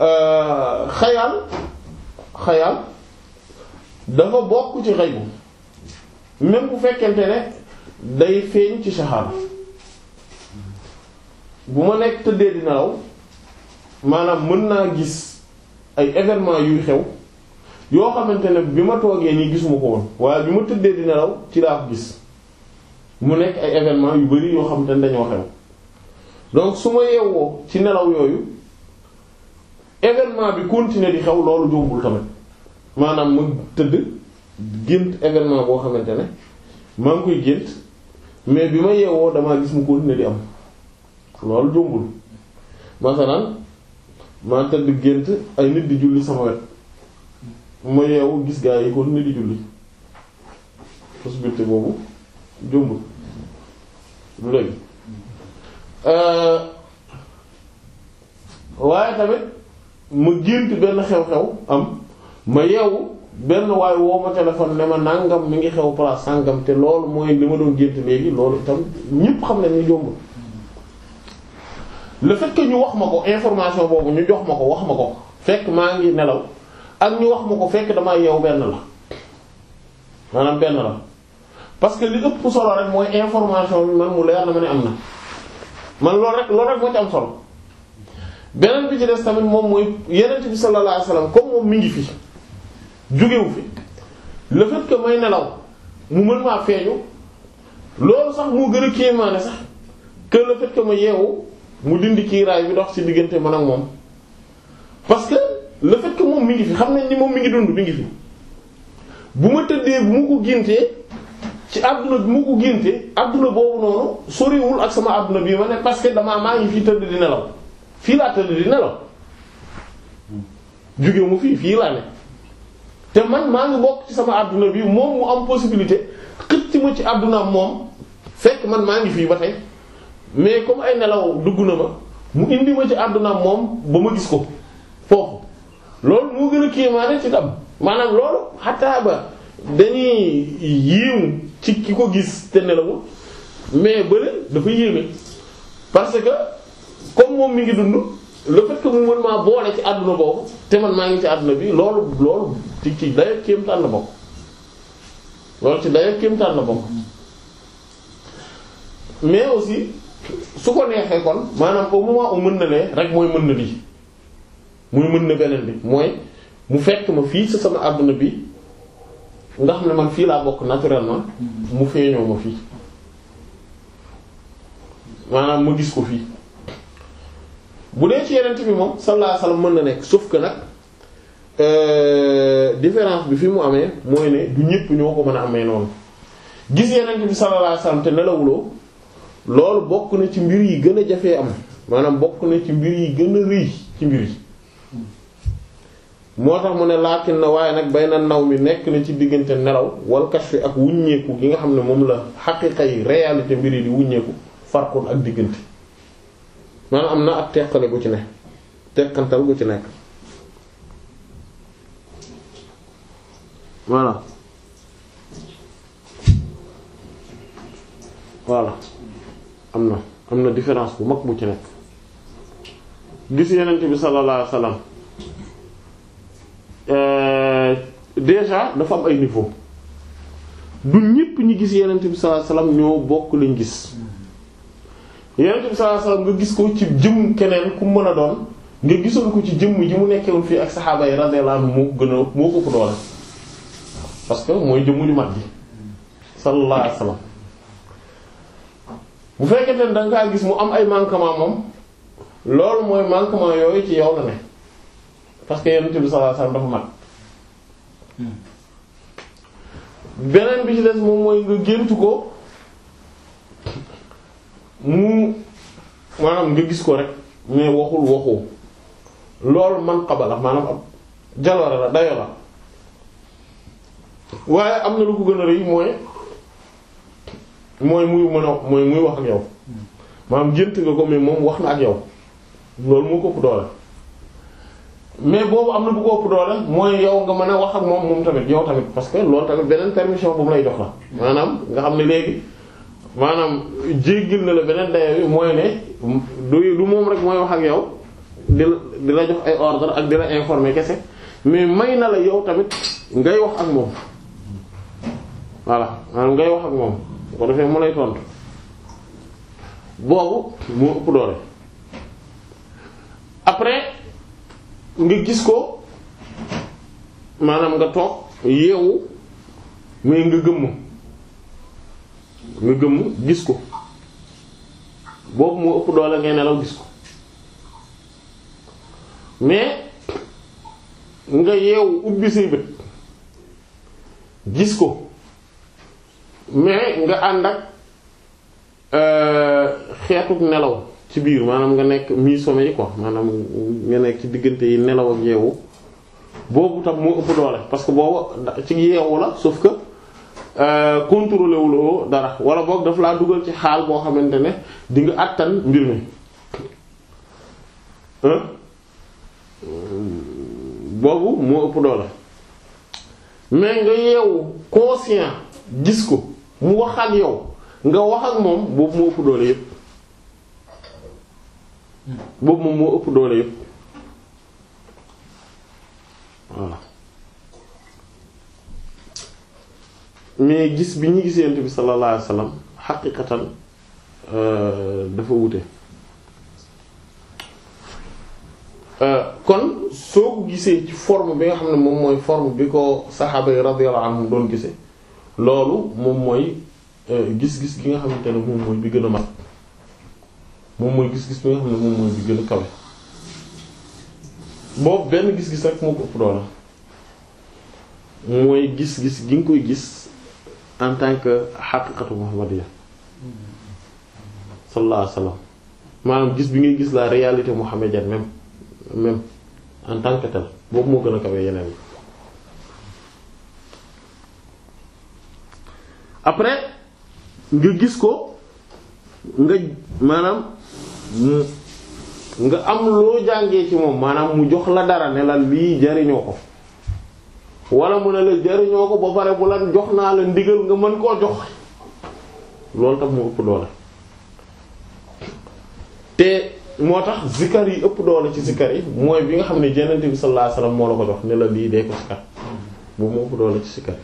euh, xayaal xayaal dafa bokk ci xaybu même bu fekkente ne day feeñ ci shahada bu ma nekk tëddee di nelaw maanaam mën naa gis ay événement yuy xew yoo xamante ne bi ma toogee nii gisuma ko woon waaye bi ma tëddee di nelaw ci laa gis mu nekk ay événement yu bari yoo xamante ne dañoo xew donc su ma yeewoo ci nelaw yooyu événement bi continuer di xew loolu jombul tamit maanaam ma tëdd gént événement boo xamante ne maa ngi koy gént mais bi ma yeewoo damaa gis mu continuer di am loolu jombul masalan ma tëdd gént ay nit di julli sama wet ma yeewu gis gaa yi kon nit di julli possibilité boobu jombul lu dégg euh, waaye tamit ma gént benn xew-xew am ma yeewu benn waaye woo ma téléphone ne ma nàngam mi ngi xew place sàngam te loolu mooy li ma doon gént léegi loolu itam ñépp xam ne ñu jombul le fait ñu wax ma ko information boobu ñu jox ma ko wax ma ko fekk maa ngi nelaw ak ñu wax ma ko fekk damaa yeewu benn la maanaam benn la parce que li ëpp solo rek mooy information bi man mu leer na ma ne am na man loolu rek loolu rek moo ci am solo tamit moom mooy yenent bi sallallahu alayhi wasallam comme moom mi ngi fi jógewu fi le fait may nelaw mu mën maa feeñu loolu sax moo gën a kéemaane sax que le fait ma yeewu mu dindi kiiraay bi dox ci diggante man ak moom parce que le moom mi ngi fi xam nañ ni moom mu ngi dund mi ngi fi bu ma tëddee bu ma ko géntee ci àdduna bi ko géntee àdduna boobu noonu ak sama àdduna bii ma ne parce que damaa maa ngi fii tëdd di nelaw fii laa tëdd di nelaw jóge mu fii fii laa ne te man maa ngi bokk ci sama àdduna bi moom mu am possibilité xëcc ma ci àdduna moom fekk man maa ngi fii ba tey mais comme ay nelaw dugg na ma mu indi ma ci àdduna moom ba ma gis ko foofu loolu moo gën a kéemaane ci tam maanaam loolu xataa ba dañuy yéemu ci ki ko gis te nelawul mais bële dafa yéeme parce que comme moom mi ngi dund le fait mu mën maa boole ci àdduna boobu te man maa ngi ci àdduna bi loolu loolu ci ci dayo kéemtaan la bokk loolu ci dayo kéemtaan la bokk mais aussi su ko neexee kon maanaam au moment où mën na lee rek mooy mën na lii muy mën na mooy mu fekk ma fii sa sama àdduna bi nga xam ne man fii laa bokk naturellement mu feeñoo ma fii maanaam ma gis ko fii bu dee ci yeneen bi moom sallallahu alayhi mën na nekk sauf que nag euh, différence bi fi mu amee mooy ne du ñëpp ñoo ko mën a amee noonu gis yeneen bi sallallahu alayhi wasallam te nelawuloo loolu bokk na ci mbir yi gën a jafee am maanaam bokk na ci mbir yi gën a rëy ci mbir yi moo tax mu ne laakin na waaye nag bay na naw mi nekk na ci diggante nelaw wal kashfi ak wuññeeku gi nga xam ne moom la xaqiqa yi réalité mbir yi di wuññeeku farkoon ak diggante maanaam am na ak teqale gu ci ne teqantal gu ci nekk voilà voilà am na am na différence bu mag bu ci nekk gis yenent bi sallallahu alayhi wasallam euh, déjà dafa am ay niveau du ñépp ñu gis yenent bi sallallahu alayhi wasallam ñoo bokk lañ gis yenent bi sallallahu nga gis ko ci jëm keneen ku mën a doon nga gisoon ko ci jëmm ji mu nekkewoon fii ak saxaaba yi radiyallahu anhu moo ko gën a moo ko ko parce que mooy jëmmu ju mag ji sallallahu alayhi wasallam bu fekkente ne da ngaa gis mu am ay manquement moom loolu mooy manquement yooyu ci yow la ne parce que yonent bi sallallahu alayhi wasallam dafa mat beneen bi ci des moom mooy nga géntu ko mu maanaam nga gis ko rek mais waxul waxoo loolu man xabala maanaam ab jaloore la dayo la waaye am na lu ko gën a rëy mooy mooy muy mën a mooy muy wax ak yow maanaam gént nga ko mais moom wax na ak yow loolu moo ko ëpp doole mais boobu am na bu ko ëpp doole mooy yow nga mën a wax ak moom moom tamit yow tamit parce que loolu tamit beneen permission bu mu jox la maanaam nga xam ne léegi maanaam jéggil na la beneen dayo bi mooy du moom rek mooy wax ak yow di di la jox ay ordre ak di la informer kese mais may na la yow tamit ngay wax ak moom voilà maanaam ngay wax ak moom bu ko defee mu lay tontu boobu moo ëpp doole après nga gis ko maanaam nga toog yeewu mais nga gëmm nga gëmm gis ko boobu moo ëpp doole ngay nelaw gis ko mais nga yeewu ubbi say bët gis ko mais nga ànd ak euh, xeetu nelaw ci biir maanaam nga nekk mi-sommeil yi quoi maanaam nga nekk ci diggante yi nelaw ak yeewu boobu tam mu ëpp doole parce que boobu ci yeewu la sauf que euh, contrôlé wuloo dara wala boog daf laa dugal ci xaal boo xamante ne dinga àttan mbir mi boobu moo ëpp doole mais nga yeewu conscient gis ko mu wax ak yow nga wax ak moom boobu moo ëpp doole yépp boobu moom moo ëpp doole yépp voilà mais gis bi ñu gis yent bi sallallahu alayhi wasallam euh, dafa wute euh, kon soo ko gisee ci forme bi nga xam ne moom mooy forme bi ko saxaaba yi radiyallahu anhum doon gise loolu moom mooy euh, gis-gis gi nga xamante ne moom mooy bi gën a mag moom mooy gis-gis bi nga xam ne moom mooy bi gën a kawe boobu benn gis-gis rek moo ko ëpp mooy gis-gis gi nga koy gis en tant que xaqiqatu muhammadiyya sallallahu alayhi wasallam maanaam gis bi ngay gis la réalité mohammadienne même même en tant que boobu moo gën a kawe yeneen après nga gis ko nga maanaam nga am loo jàngee ci moom maanaam mu jox la dara ne la lii jariñoo ko walla mu ne la jariñoo ko ba pare bu lan jox naa la ndigal nga mën koo jox loolu tam mu ëpp doole te moo tax zikkar yi ëpp doole ci zikkar yi mooy bi nga xam ne Yonent bi sallallahu alayhi wasallam moo la ko jox ne lii dee ko zikkar bu mu ëpp doole ci zikkar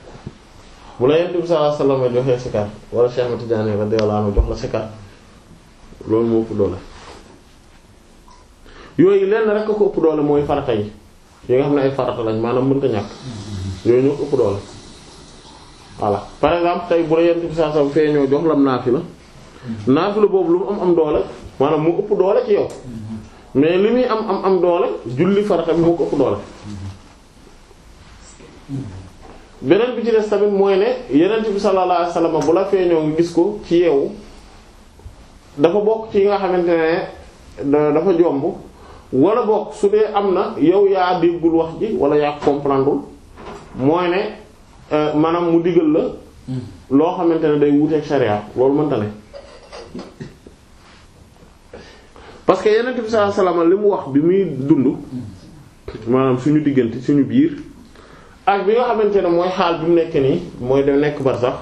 bu la yonent bi sallallahu alayhi wasallam joxee sikar wala Cheikh Ahmad Tidiane radiyallahu anhu jox la sikar loolu moo ëpp doole yooyu lenn rek ko ëpp doole mooy farata yi yi nga xam ne ay farata lañ maanaam mënta ñàkk yooyu ñoo ëpp doole voilà par exemple tey bu la yonent bi sallallahu alayhi wasallam fee ñoo jox lam naafila naafila boobu lu mu am am doole maanaam mu ëpp doole ci yow mais li muy am am am doole julli farata bi moo ko ëpp doole beneen bi ci des tamit mooy ne yeneen bi sallallahu alayhi wasallam bu la feeñoo nga gis ko ci yeewu dafa bokk ci yi nga xamante ne dafa jomb wala bokk su dee am na yow yaa déggul wax ji wala yaa comprendreul mooy ne euh, maanaam mu diggal la loo xamante ne day wuuteeg sharia loolu mënta ne parce que yeneen bi sallallahu li mu wax bi muy dund maanaam suñu diggante suñu biir ak bi nga xamante ne mooy xaal bi mu nekk nii mooy dem nekk bar sax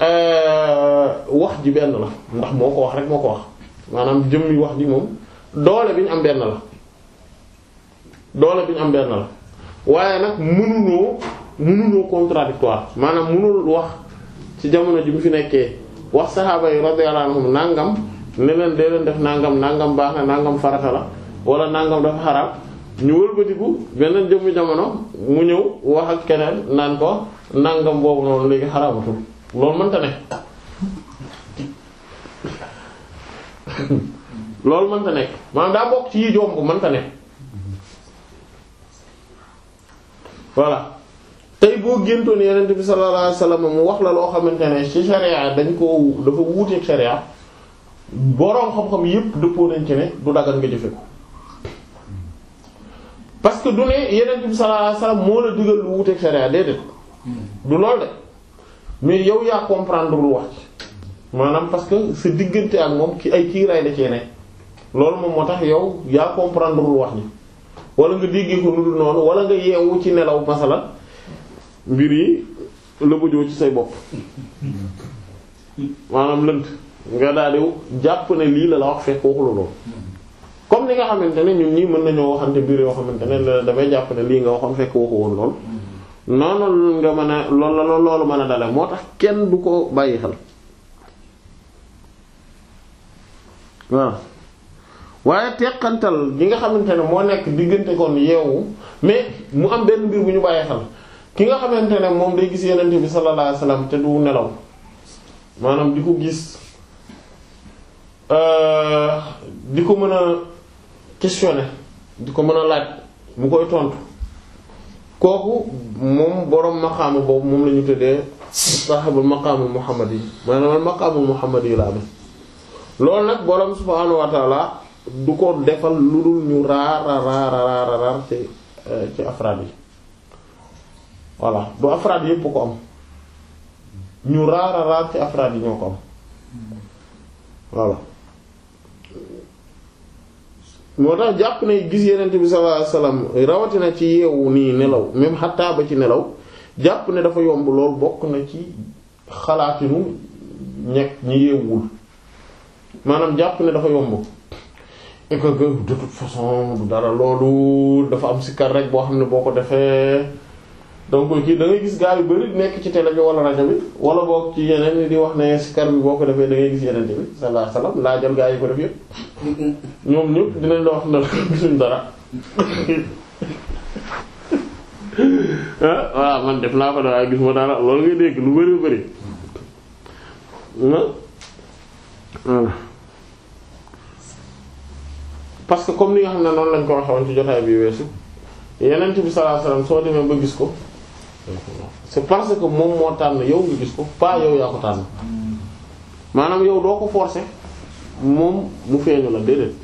euh, wax ji benn la ndax moo ko wax rek moo ko wax maanaam jëmmi wax ji moom doole bi ñu am benn la doole bi ñu am benn la waaye nag mënunoo mënunoo contradictoire maanaam mënul wax ci jamono ji mu fi nekkee wax saxaaba yi radiyallahu anhum nàngam ne leen dee leen def nangam nangam baax na nangam farata la wala nangam dafa xaraam ñu wëlbatiku beneen jëmmu jamono mu ñëw wax ak keneen naan ko nangam boobu noonu léegi xaraamatul loolu mënta ne loolu mënta ne maanaam daa bokk ci yi jomb mënta nekk voilà tey boo géntoon yeneen bi sallallahu alayhi wasallam mu wax la loo xamante ne ci sharia dañ ko dafa wuuteeg sharia boroom xam-xam yépp dëppoo nañ ci ne du dagal nga jëfe ko parce que du ne yeneen bi sallallahu sa wasallam moo la digal lu wuteeg sharia déedéet du lool de mais yow yaa comprendre lu wax maanaam parce que sa diggante ak moom ki ay kiiraay da cee loolu moom moo tax yow yaa comprendre wax ni walla nga déggee ko lu dul noonu wala nga yeewu ci nelaw masala mbir yi la bëjoo ci say bopp maanaam lënt nga daal di jàpp ne lii la la wax fekk waxu loolu comme li nga xamante ne ñun ñii mën nañoo waxante mbir yoo xamante ne dafay jàpp ne lii nga waxoon fekk waxu woon lool noonu nga mën a loolu loolu mën a dale moo tax kenn du ko bàyyi xel waaw waaye teqantal gi nga xamante ne moo nekk diggante kon yeewu mais mu am benn mbir bu ñu ki nga xamante ne moom day gis yenente bi sallallahu alayhi te du nelaw maanaam di ko gis euh, di ko mën a questionné di ko mën a laaj bu koy tontu kooku moom boroom maqaama boobu moom la ñu tuddee sahibul maqaamul muhammad yi maanaam maqaamul muhammad yi la amee loolu nag boroom subhaanahu wa taala du ko defal lu dul ñu raar raar raar ci euh, ci afraad yi voilà du afraad yépp ko am ñu raar raar ci afraad yi ñoo ko am voilà moo tax jàpp ne gis yenent bi sallallahu alayhi rawatina ci yeewu nii nelaw même xattaa ba ci nelaw jàpp ne dafa yomb lool bokk na ci xalaatinu ñekk ñi yeewul maanaam jàpp ne dafa yomb et du dara loolu dafa am sikar rek boo xam ne boo ko defee donc kii da gis gaa yu bari nekk ci télé bi wala rajo bi wala boog ci yeneen di wax ne sikar bi boo ko defee da gis yeneen bi sallallahu alayhi wasallam laajal gaa yi ko def la wax na ah, def naa ko dara lu bari bari ah, parce que comme nga xam ne noonu lañ ko waxee ci jotaay bi weesu yeneen soo demee ba gis ko c'est parce que moom moo tànn yow nga gis ko pas yow yaa ko tànn maanaam yow doo ko forcer moom mu feeñu la déedéet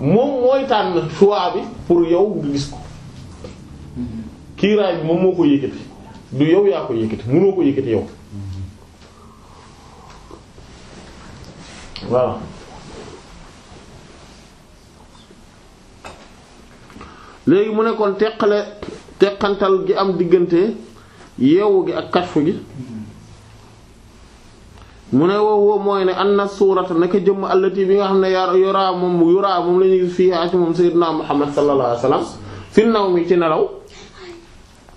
moom mooy tànn choix bi pour yow nga gis ko kiiraay bi moom moo ko yëkkati du yow yaa ko yëkkati mënoo ko yëkkati yow voilà léegi mu ne teqale teqantal gi am diggante yeewu gi ak kashfu gi mu ne woowu mooy ne an na suurata naka jëmm allati bi nga xam ne yaa yuraa moom yuraa moom la ñuy fii ci moom sayyidina Muhammad sallallahu alayhi wasallam fi mi ci nelaw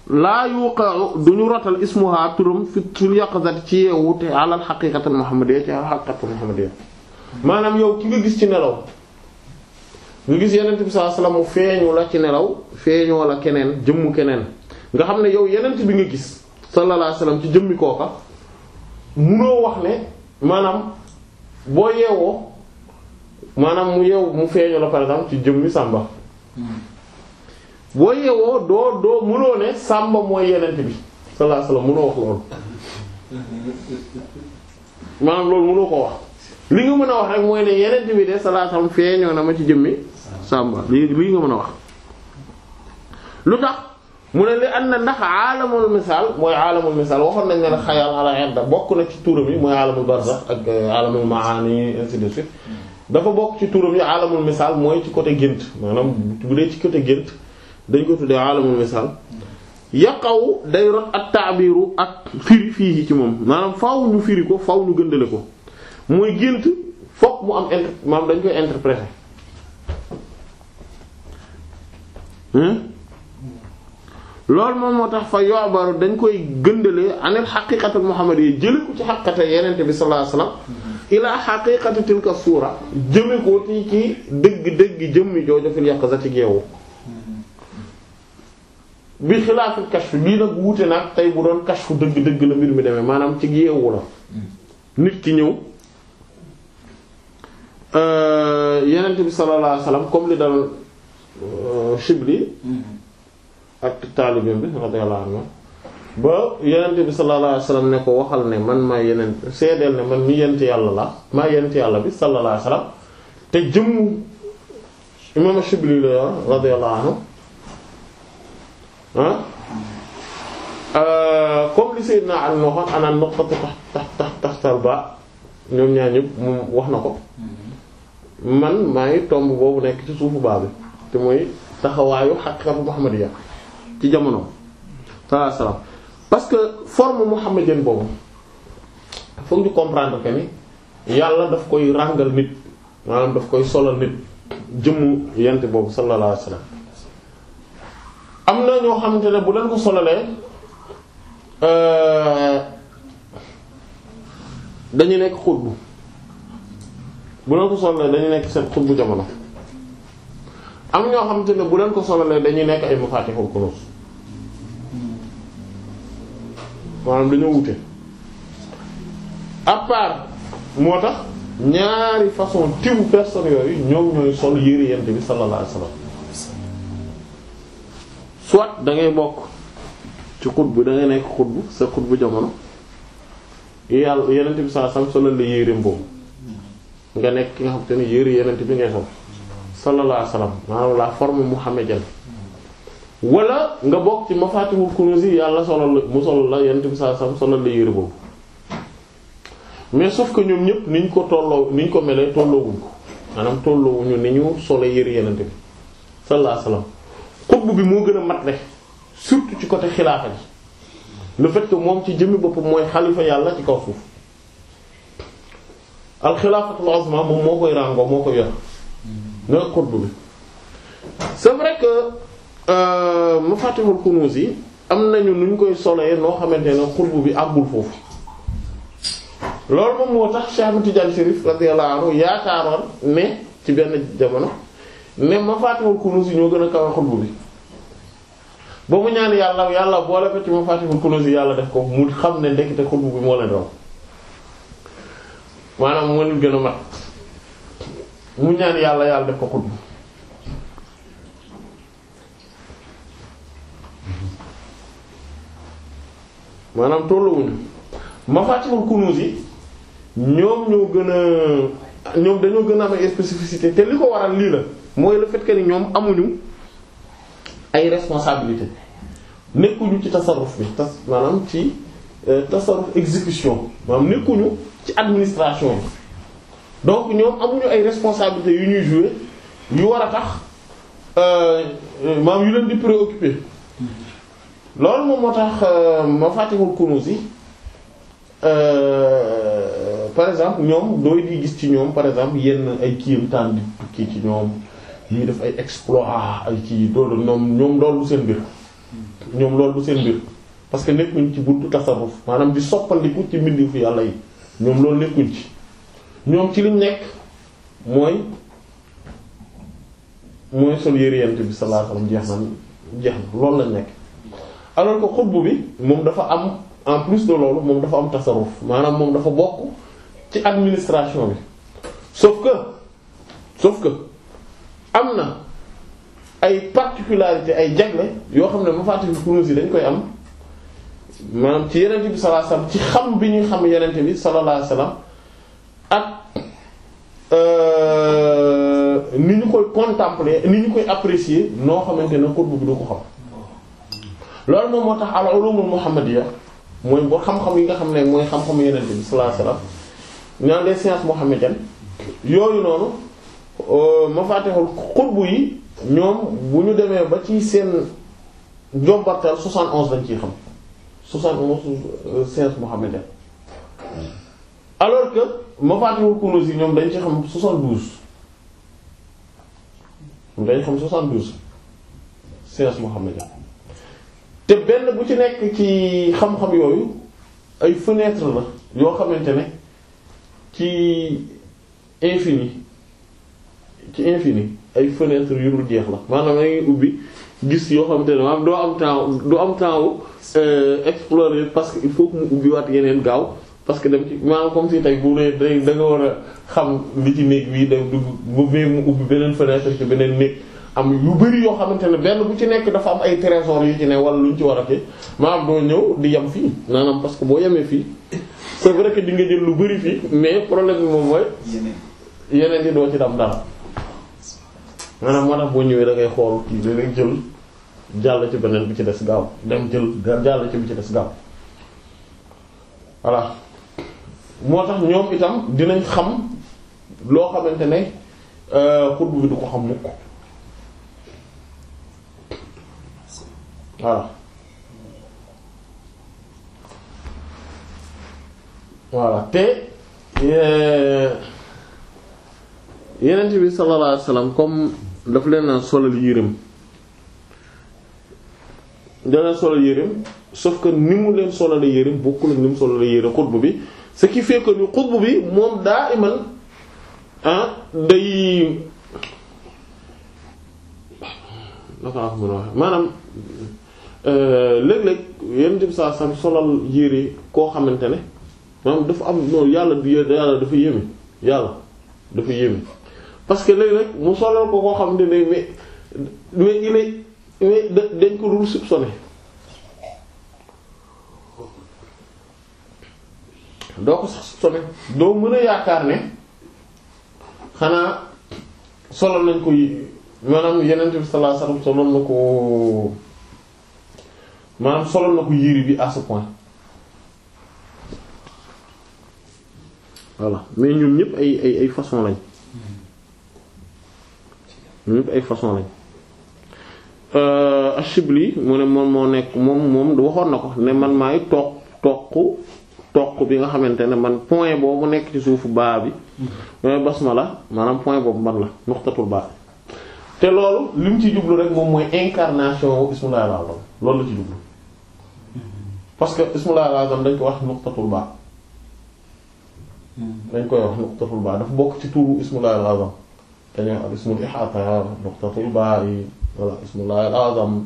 laa yuqa'u duñu rotal ismuha turam fi fil yaqzat ci yeewu te alal xaqiiqatul muhammadiyya ci xaqiiqatul muhammadiyya maanaam yow ki nga gis ci nelaw nga gis yenent bi sallallahu alayhi wasallam feeñu la ci nelaw feeñoo la keneen jëmmu keneen nga xam ne yow yenent bi nga gis sallallahu alayhi wasallam ci jëmmi wax ne maanaam boo yeewoo maanaam mu yeew mu feeñu la par exemple ci jëmmi sàmba boo yeewoo doo doo munoo ne sàmba bi sallallahu loolu maanaam loolu ko wax li nga mën a wax rek mooy ne yeneen bi de salaatam feeñoo na ma ci jëmmi Samba lii lii nga mën a wax. lu tax mu ne li ànd na ndax aalamul misaal mooy aalamul misaal waxoon nañ ne xayal ala inda bokk na ci turam yi mooy aalamul barzax ak euh, aalamul maani ainsi de suite dafa bokk ci turam yi aalamul misaal mooy ci côté gént bu dee ci côté gént dañ ko tuddee aalamul misaal. yaqaw day rot ak taabiru ak firi fii ci moom maanaam faaw ñu firi ko faaw ñu gëndale ko mooy gént fokk mu am inter koy interpréter Hmm? loolu moom moo tax fa yoobaru dañ koy gëndalee anil xaqiqatul muhammadiyya jële ko ci xaqiqata yenente bi sallallahu alayhi wasallam ilaa xaqiqati tilka suura jëme ko ci ci dëgg-dëgg jëmmi jooju fil ci geewu bi xilaafil kashf bii nag wuute nag tey bu doon kashfu dëgg-dëgg la mbir mi demee maanaam ci geewu la nit ki ñëw euh, yenente bi sallallahu alayhi wasallam comme li dal Euh, Shibli mm-hmm. ak taalibeem bi radiyallahu anhu ba yenente bi sallallahu alayhi wasallam ne ko waxal ne man maa yeneen seedeel ne man mi yent yàlla la maa yent yàlla bi sallallahu alayhi wasallam te jëm imaam Shibli la yor radiyallahu anhu ah? mm-hmm. euh, comme li Seydina Ali waxoon ana nuqtatu tax tax taxtal ba ñoom ñaar ñëpp moom wax na ko mm-hmm. man maa ngi tomb boobu nekk ci suufu baa bi te mooy taxawaayu xaqiqatu muhammadiyya ci jamono sallallahu alayhi wasallam parce que forme muhammadienne boobu foog ñu comprendre que ni yàlla daf koy ràngal nit maanaam daf koy solal nit jëmmu yent boobu sallallahu alayhi wasallam am na ñoo xamante ne bu leen ko solalee euh, dañu nekk xutbu bu leen ko solalee dañu nekk seen xutbu jamono am ñoo xamante ne bu leen ko solalee dañuy nekk ay mafatihul kunuz maanaam dañoo wute à moo tax ñaari façon tiwu personne yooyu ñoom ñooy sol yére yent bi sallallahu alayhi wasallam soit da ngay bokk ci xutbu da ngay nekk xutbu sa xutbu jamono yàlla yenent bi sallallahu alayhi wasallam yére mboobu nga nekk ki nga xam te ne yére yenent bi ngay sol sallallahu alayhi wa sallam maanaam la forme wala nga bokk ci mafatihul kunuzi yàlla solal la mu solal la yonent bi sallallahu alayhi wa sallam solal la yére boobu mais sauf que ñoom ñëpp niñ ko tolloo niñ ko melee tolloowuñ ko maanaam tolloowuñu ni ñu solo yére yonent bi sallallahu alayhi bi moo gën a mat rek surtout ci côté xilaafa ji le fait moom ci jëmmi boppam mooy xalifa yàlla ci kaw suuf al xilaafatul moom moo koy ràngoo moo koy yor nga Qurdubi c'est vrai que euh, Mafatihul Kunuz yi am nañu nu ñu koy solee noo xamante ne Qurdubi àggul foofu loolu moom moo tax Cheikh Ahmed Tidiane Chérif radiyallahu anhu yaakaaroon ne ci benn jamono ne Mafatihul Kunuz yi ñoo gën a kawe Qurdubi ba mu ñaan yàlla yàlla boole ko ci Mafatihul Kunuz yi yàlla def ko mu xam ne ndekete Qurdubi moo leen raw maanaam moo leen gën a mat mu ñaan yàlla yàlla def ko xutbu maanaam tolluwuñu Mafatihul Kunûz yi ñoom ñoo gën a ñoom dañoo gën a am ay te li ko waral lii la mooy le fait que ni ñoom amuñu ay responsabilité nekkuñu ci tasarruf bi tas maanaam ci euh, tasarruf exécution maanaam nekkuñu ci administration donc ñoom amuñu ay responsabilités yu ñuy jouer yu war a tax euh, euh, maam yu leen di préoccuper loolu moom moo tax euh, ma fàttewul Kunûz yi par exemple ñoom dooy di gis ci ñoom par exemple yenn ay kii taan di tukki ci ñoom ñuy def ay exploit ay kii doolu ñoom ñoom loolu seen mbir ñoom loolu seen mbir parce que nekkuñ ci buntu tasarruf maanaam di soppaliku ci mbindeefu yàlla yi ñoom loolu nekkuñ ci ñoom ci liñ nekk mooy mooy sol yëre yent bi sallallahu alayhi jeex na jeex na loolu lañ nekk alors que xutbu bi moom dafa am en plus de loolu moom dafa am tasaruf maanaam moom dafa bokk ci administration bi sauf que sauf que am na ay particularité ay jagle yoo xam ne mafatihul kunuz yi dañ koy am maanaam ci yenente bi sallallahu ci xam bi ñuy xam yenente bi sallallahu alayhi wasallam ak euh, ni ñu koy contempler ni ñu koy apprécier noo xamante ne xutbu bi du ko xam loolu moom moo tax al ulumul muhammadiyya mooy boo xam-xam yi nga xam ne mooy xam-xamu yeneen bi sallallahu alayhi wasallam ñaan les sciences mohammédiennes yooyu noonu euh, mafatihul xutbu yi ñoom bu ñu demee ba ci seen jombartal 71 lañ ciy xam 71 euh, sciences mohammédiennes alors que mafatihul kunuus yi ñoom dañ ci xam 72 dañ xam 72 science muhammadiyya te benn bu ci nekk ci xam-xam yooyu ay fenêtre la yoo xamante ne ci infini ci infini ay fenêtre yu dul jeex la maanaam da ngay ubbi gis yoo xamante ne maanaam doo am temps doo am temps euh, explorer parce que il faut que mu ubbi waat yeneen gaaw parce que dem ci maanaam comme si tey bu dee day da nga war a xam li ci néeg bi dem dugg bu bee mu ubbi beneen fenêtre ci beneen néeg am yu bari yoo xamante ne benn bu ci nekk dafa am ay trésor yu ci ne wala lu ñu ci war a kii maanaam doo ñëw di yem fii maanaam parce que boo yemee fii c'est vrai que di jël lu bari fii mais problème yi moom mooy. yeneen yi doo ci dam dara. maanaam moo tax boo ñëwee da ngay xool kii da jël jàll ci beneen bi ci des gaaw dem jël jàll ci bi ci des gaaw moo tax ñoom itam dinañ xam loo xamante ne euh, xutbu bi du ko xam mukk voilà voilà te euh, yenent bi sallallahu alayhi wasallam comme daf leen solal yërëm da leen solal yërëm sauf que ni mu leen solal yërëm bokkul ak ni mu solal yërëm xutbu bi ce qui fait que ni xutb bi moom daa iman ah day naka mën a wax maanaam euh, léeg-léeg yenn jëm saa sam solal yére koo xamante ne maanaam dafa am noonu yàlla yàlla dafa yéeme yàlla dafa yéeme parce que léeg mu solal ko koo xamante ne mais mais il est mais dañ ko dul soupçonné doo ko sax sobe doo mën a yaakaar ne xanaa solo nañ ko maanaam yeneen bi sallallahu solo na ko maanaam solo na ko yére bi à ce point voilà mais ñun ñëpp ay ay façon lañ ay façon lañ euh, Ashibli mu ne moom moo nekk moom moom waxoon na ko ne man maay toog toog toq bi nga xamante ne man point boobu nekk ci suufu baa bi mooy basmala maanaam point boobu man la nuqtatul baa te loolu li mu ci jublu rek moom mooy incarnation wu ismullah al-azam loolu la ci jublu parce que ismullah al-azam dañ ko wax nuqtatul baa dañ koy wax nuqtatul baa dafa bokk ci tuuru ismullah al-azam dañuy wax ismul ihaata nuqtatul baa yi walla ismullah al-azam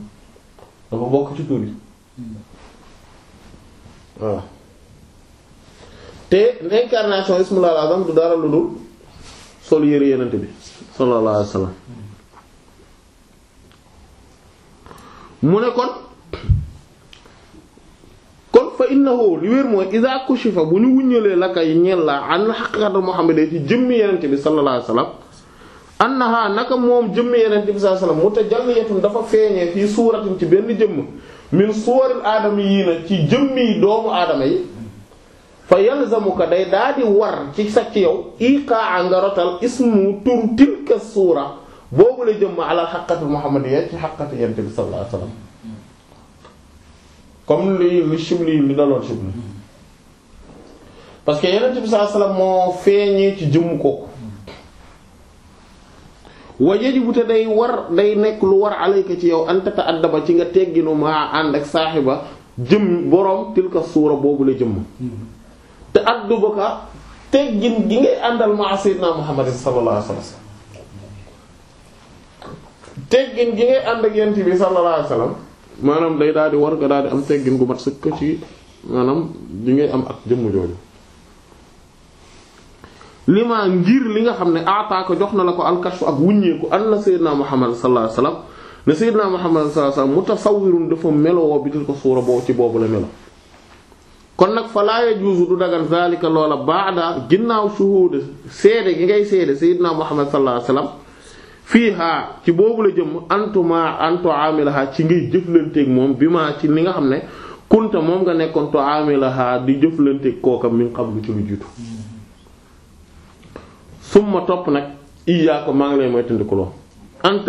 dafa bokk ci tuur yi waaw te incarnation ismul azam du dara lu dul sol yére yenente bi sallallahu alayhi mu ne kon kon fa innahu li wér mooy iza kushifa bu ñu wuññalee laka yi ñeel la an haqiqatu muhammad ci jëmmi naka moom jëmmi yenente bi sallallahu alayhi wasallam mutajalliyatun dafa feeñee fii suuratin ci benn jëmm min suwaril aadama yii na ci jëmmi doomu aadama yi fa yalzamuka day daa war ci sa ci yow iqaa nga rotal ismu tur tilka suura boobu la jëmm alal xaqati muhammadiyya ci xaqati yent bi sallallahu alayhi wasallam comme que yonent ci jëmm kooku wajeji bu te nekk lu war alayka ci yow anta ci nga tegginu ma ànd ak saaxiba jëm boroom tilka suura boobu la jëmm te ak du bokka teggin gi ngay àndal ma sayyidina Muhammad sallallahu alayhi wasallam teggin gi ngay ànd ak yent bi sallallahu alayhi maanaam day daal di war nga daal di am teggin gu mat sëkk ci maanaam li ngay am ak jëmm jooju lima ngir li nga xam ne aataa ko jox na la ko alkashfu ak wuññeeku an na sayyidina Muhammad sallallahu alayhi wasallam ne sayyidina Muhammad sallallahu alayhi wasallam mutasawwirun dafa melowoo bi dil ko suura boobu ci boobu la melo kon nag fa laa yajuuzu du dagan zalika loola ba'da ginnaaw shuhuud seede gi ngay seede sayyidina Muhammad sallallahu alayhi wasallam fiihaa ci boobu la jëm antuma antu amilaha ci ngay jëflanteeg moom bi ma ci li nga xam ne kunta moom nga nekkoon di jëflanteeg kooka min qablu ci lu jiitu summa topp nag iyyaaka maa ngi lay may tandikuloo an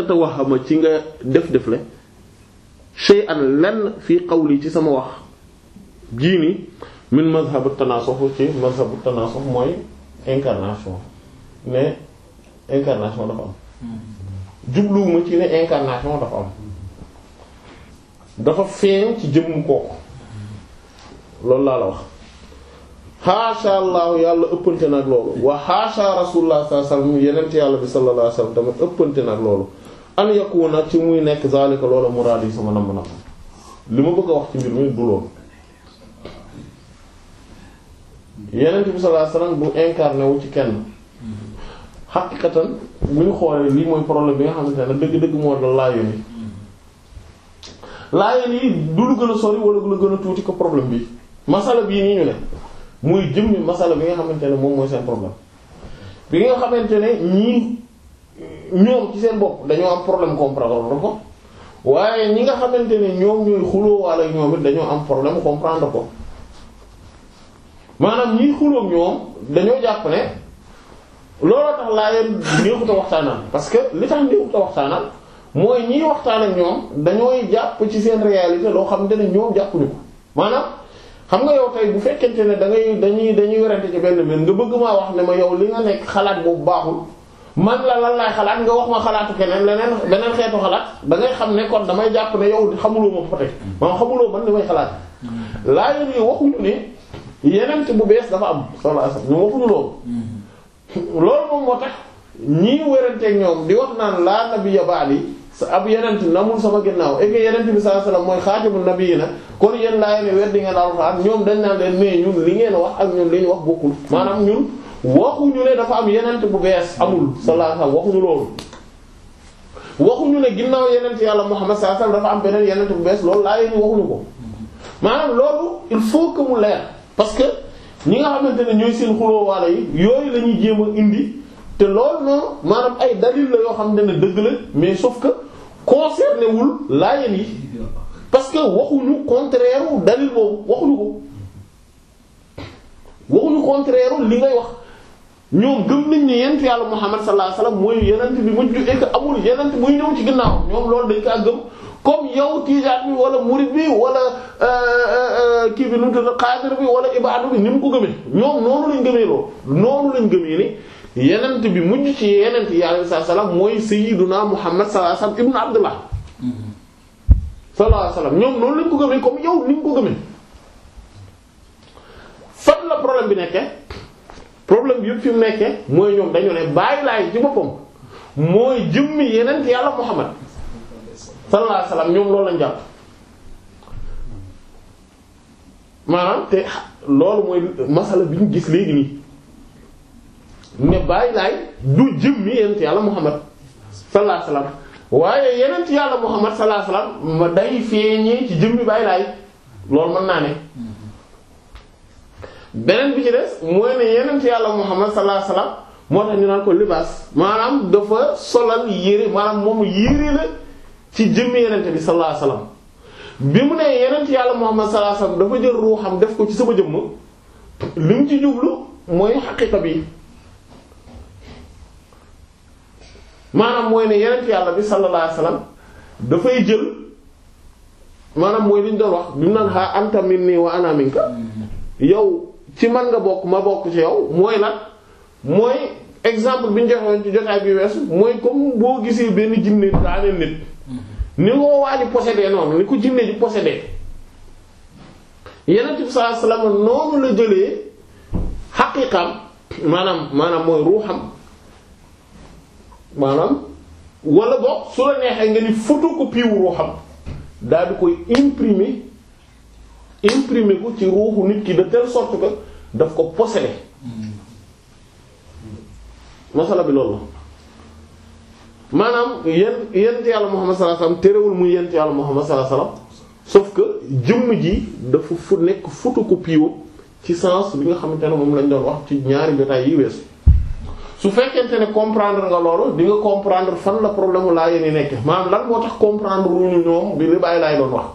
ci nga def-defle shay'an lenn fii qawli ci sama wax jii nii min mazhabu tanasux mooy incarnation ne incarnation dafa am jubluwuma ci ne incarnation dafa am dafa feeñ ci jëmm kooku loolu laa la wax xaasha allahu yàlla ëppante nag loolu wa xaasha rasulullah sallallahu alayhi wasallam yenent yàlla bi sallallahu alayhi tamit ëppante nag loolu an yakuna ci muy nekk zalika loola muraadi sama namm na li ma bëgg a wax ci mbir mi du yeneen bi sallallahu alayhi wasallam bu incarné ci kenn xaqiqatan bu ñu xoolee lii mooy problème bi nga xamante ne dëgg-dëgg moo dal laayoon yi laayoon yi du lu gën a sori wala lu gën a tuuti ko problème bi masala bii nii ñu ne muy jëmmi masala bi nga xamante ne moom mooy seen problème bi nga xamante ne ñii ñoom ci seen bopp dañoo am problème comprendre ko waaye ñi nga xamante ne ñoom ñooy xuloo wala ñoom it dañoo am problème comprendre ko maanaam ñiy xuloog ñoom dañoo jàpp ne looloo tax laa yeen néexuta waxtaanal parce que li tax néexuta waxtaanal mooy ñiy waxtaan ak ñoom dañooy jàpp ci seen réalité loo xam ne ñoom jàppuñu ko maanaam xam nga yow tey bu fekkente ne da ngay dañuy dañuy werante ci benn benn nga bëgg maa wax ne ma yow li nga nekk xalaat boobu baaxul man la lan laay xalaat nga wax ma xalaatu keneen leneen beneen xeetu xalaat da ngay xam ne kon damay jàpp ne yow xamuloo ma fa xamuloo man li may xalaat mm. laa yeen yi yenent bu bees dafa am sallallahu alayhi wasallam ñu waxuñu loolu loolu moom moo tax ñii wéranteeg ñoom di wax naan laa nabiyya ba'di sa ab yenent namul sama ginnaaw et que yenent bi sallallahu alayhi wasallam mooy xaatimun nabiyina kon yéen laa yene weddi ngeen alxuraan ñoom dañ naan leen mais ñun li ngeen wax ak ñun li ñu wax bokkul maanaam ñun waxuñu ne dafa am yenent bu bees amul sallallahu alayhi wasallam waxuñu loolu waxuñu ne ginnaaw yenent yàlla Muhammad sallallahu alayhi wasallam dafa am beneen yenent bu bees loolu laa yéen waxuñu ko maanaam loolu il faut que leer parce que ñi nga xamante ne ñooy seen xulóowaale yi yooyu la jéem a indi te loolu noonu maanaam ay dalil la yoo xamante ne dëgg la mais sauf que concerné wul laayeen yi parce que waxuñu contraire dalil boobu waxuñu ko waxuñu contraire li ngay wax ñoom gëm nañ ni yent yàlla Muhammad sallallahu alayhi wasallam mooy yenent bi mujj et que amul yenent buy ñëw ci ginnaaw ñoom loolu dañ kaa gëm comme yow tijaan bi wala murid bi wala euh, euh, euh, kii bi nu mu tudd xaadir bi ko gëmee ñoom noonu lañ gëmee loolu noonu lañ gëmee ni yenent bi mujj ci yenent yi alayhi salaam mooy sayyiduna Muhammad sallallahu alayhi wasallam ibnu Abdullah sallallahu alayhi ñoom noonu lañ ko gëmee comme yow ni mu ko gëmee fan la problème bi nekkee problème bi yëpp fi mu nekkee mooy ñoom dañu ne bàyyi laay ci boppam mooy jëmmi yenent yàlla Muhammad sallallahu alayhi wasallam ñoom loolu lañ jàpp maanaam te loolu mooy masala bi ñu gis léegi nii ne bàyyi du jëmmi yenent yàlla Muhammad sallallahu alayhi wasallam waaye yenent yàlla Muhammad sallallahu alayhi ma day feeñee ci jëmmi bàyyi loolu mën naa ne beneen bi ci des mooy ne yenent yàlla Muhammad sallallahu alayhi moo tax ñu naan ko libaas maanaam dafa solal yére maanaam moom yére la ci jëmm yenente bi sallallahu bi mu ne yenent yàlla Muhammad sallallahu alayhi wasallam dafa jël ruuxam def ko ci sama jëmm li mu ci jublu mooy xaqiqa bi maanaam mooy ne yenent yàlla bi sallallahu alayhi wasallam dafay jël maanaam mooy li ñu doon wax bi mu naan xaa anta minni wa ana yow ci man nga bokk ma bokk ci yow mooy lan mooy exemple bi ñu joxoon ci jotaay bi weesu mooy comme boo gisee benn jinne daaneel nit ni ko waaji possédé noonu ni ko jinne ji possédé yeneen bi sallallahu alayhi wasallam noonu la jëlee xaqiiqam maanaam maanaam mooy ruuxam maanaam wala boog su la neexee nga ni photocopie wu ruuxam daal di koy imprimer imprimer ko ci ruuxu nit ki de telle sorte que daf ko possédé hmm. masala bi loolu la maanaam yent yent yàlla Muhammad sallallahu alayhi wasallam terewul muy yent yàlla Muhammad sallallahu alayhi wasallam sauf que jëmm ji dafa fu nekk photocopie ci sens bi nga xamante ne moom lañ doon wax ci ñaari jotaay yi weesu su fekkente ne comprendre nga loolu di nga comprendre fan la problème u laa yéen i nekke maanaam lan moo tax comprendre wuñu ñoom bi li laay doon wax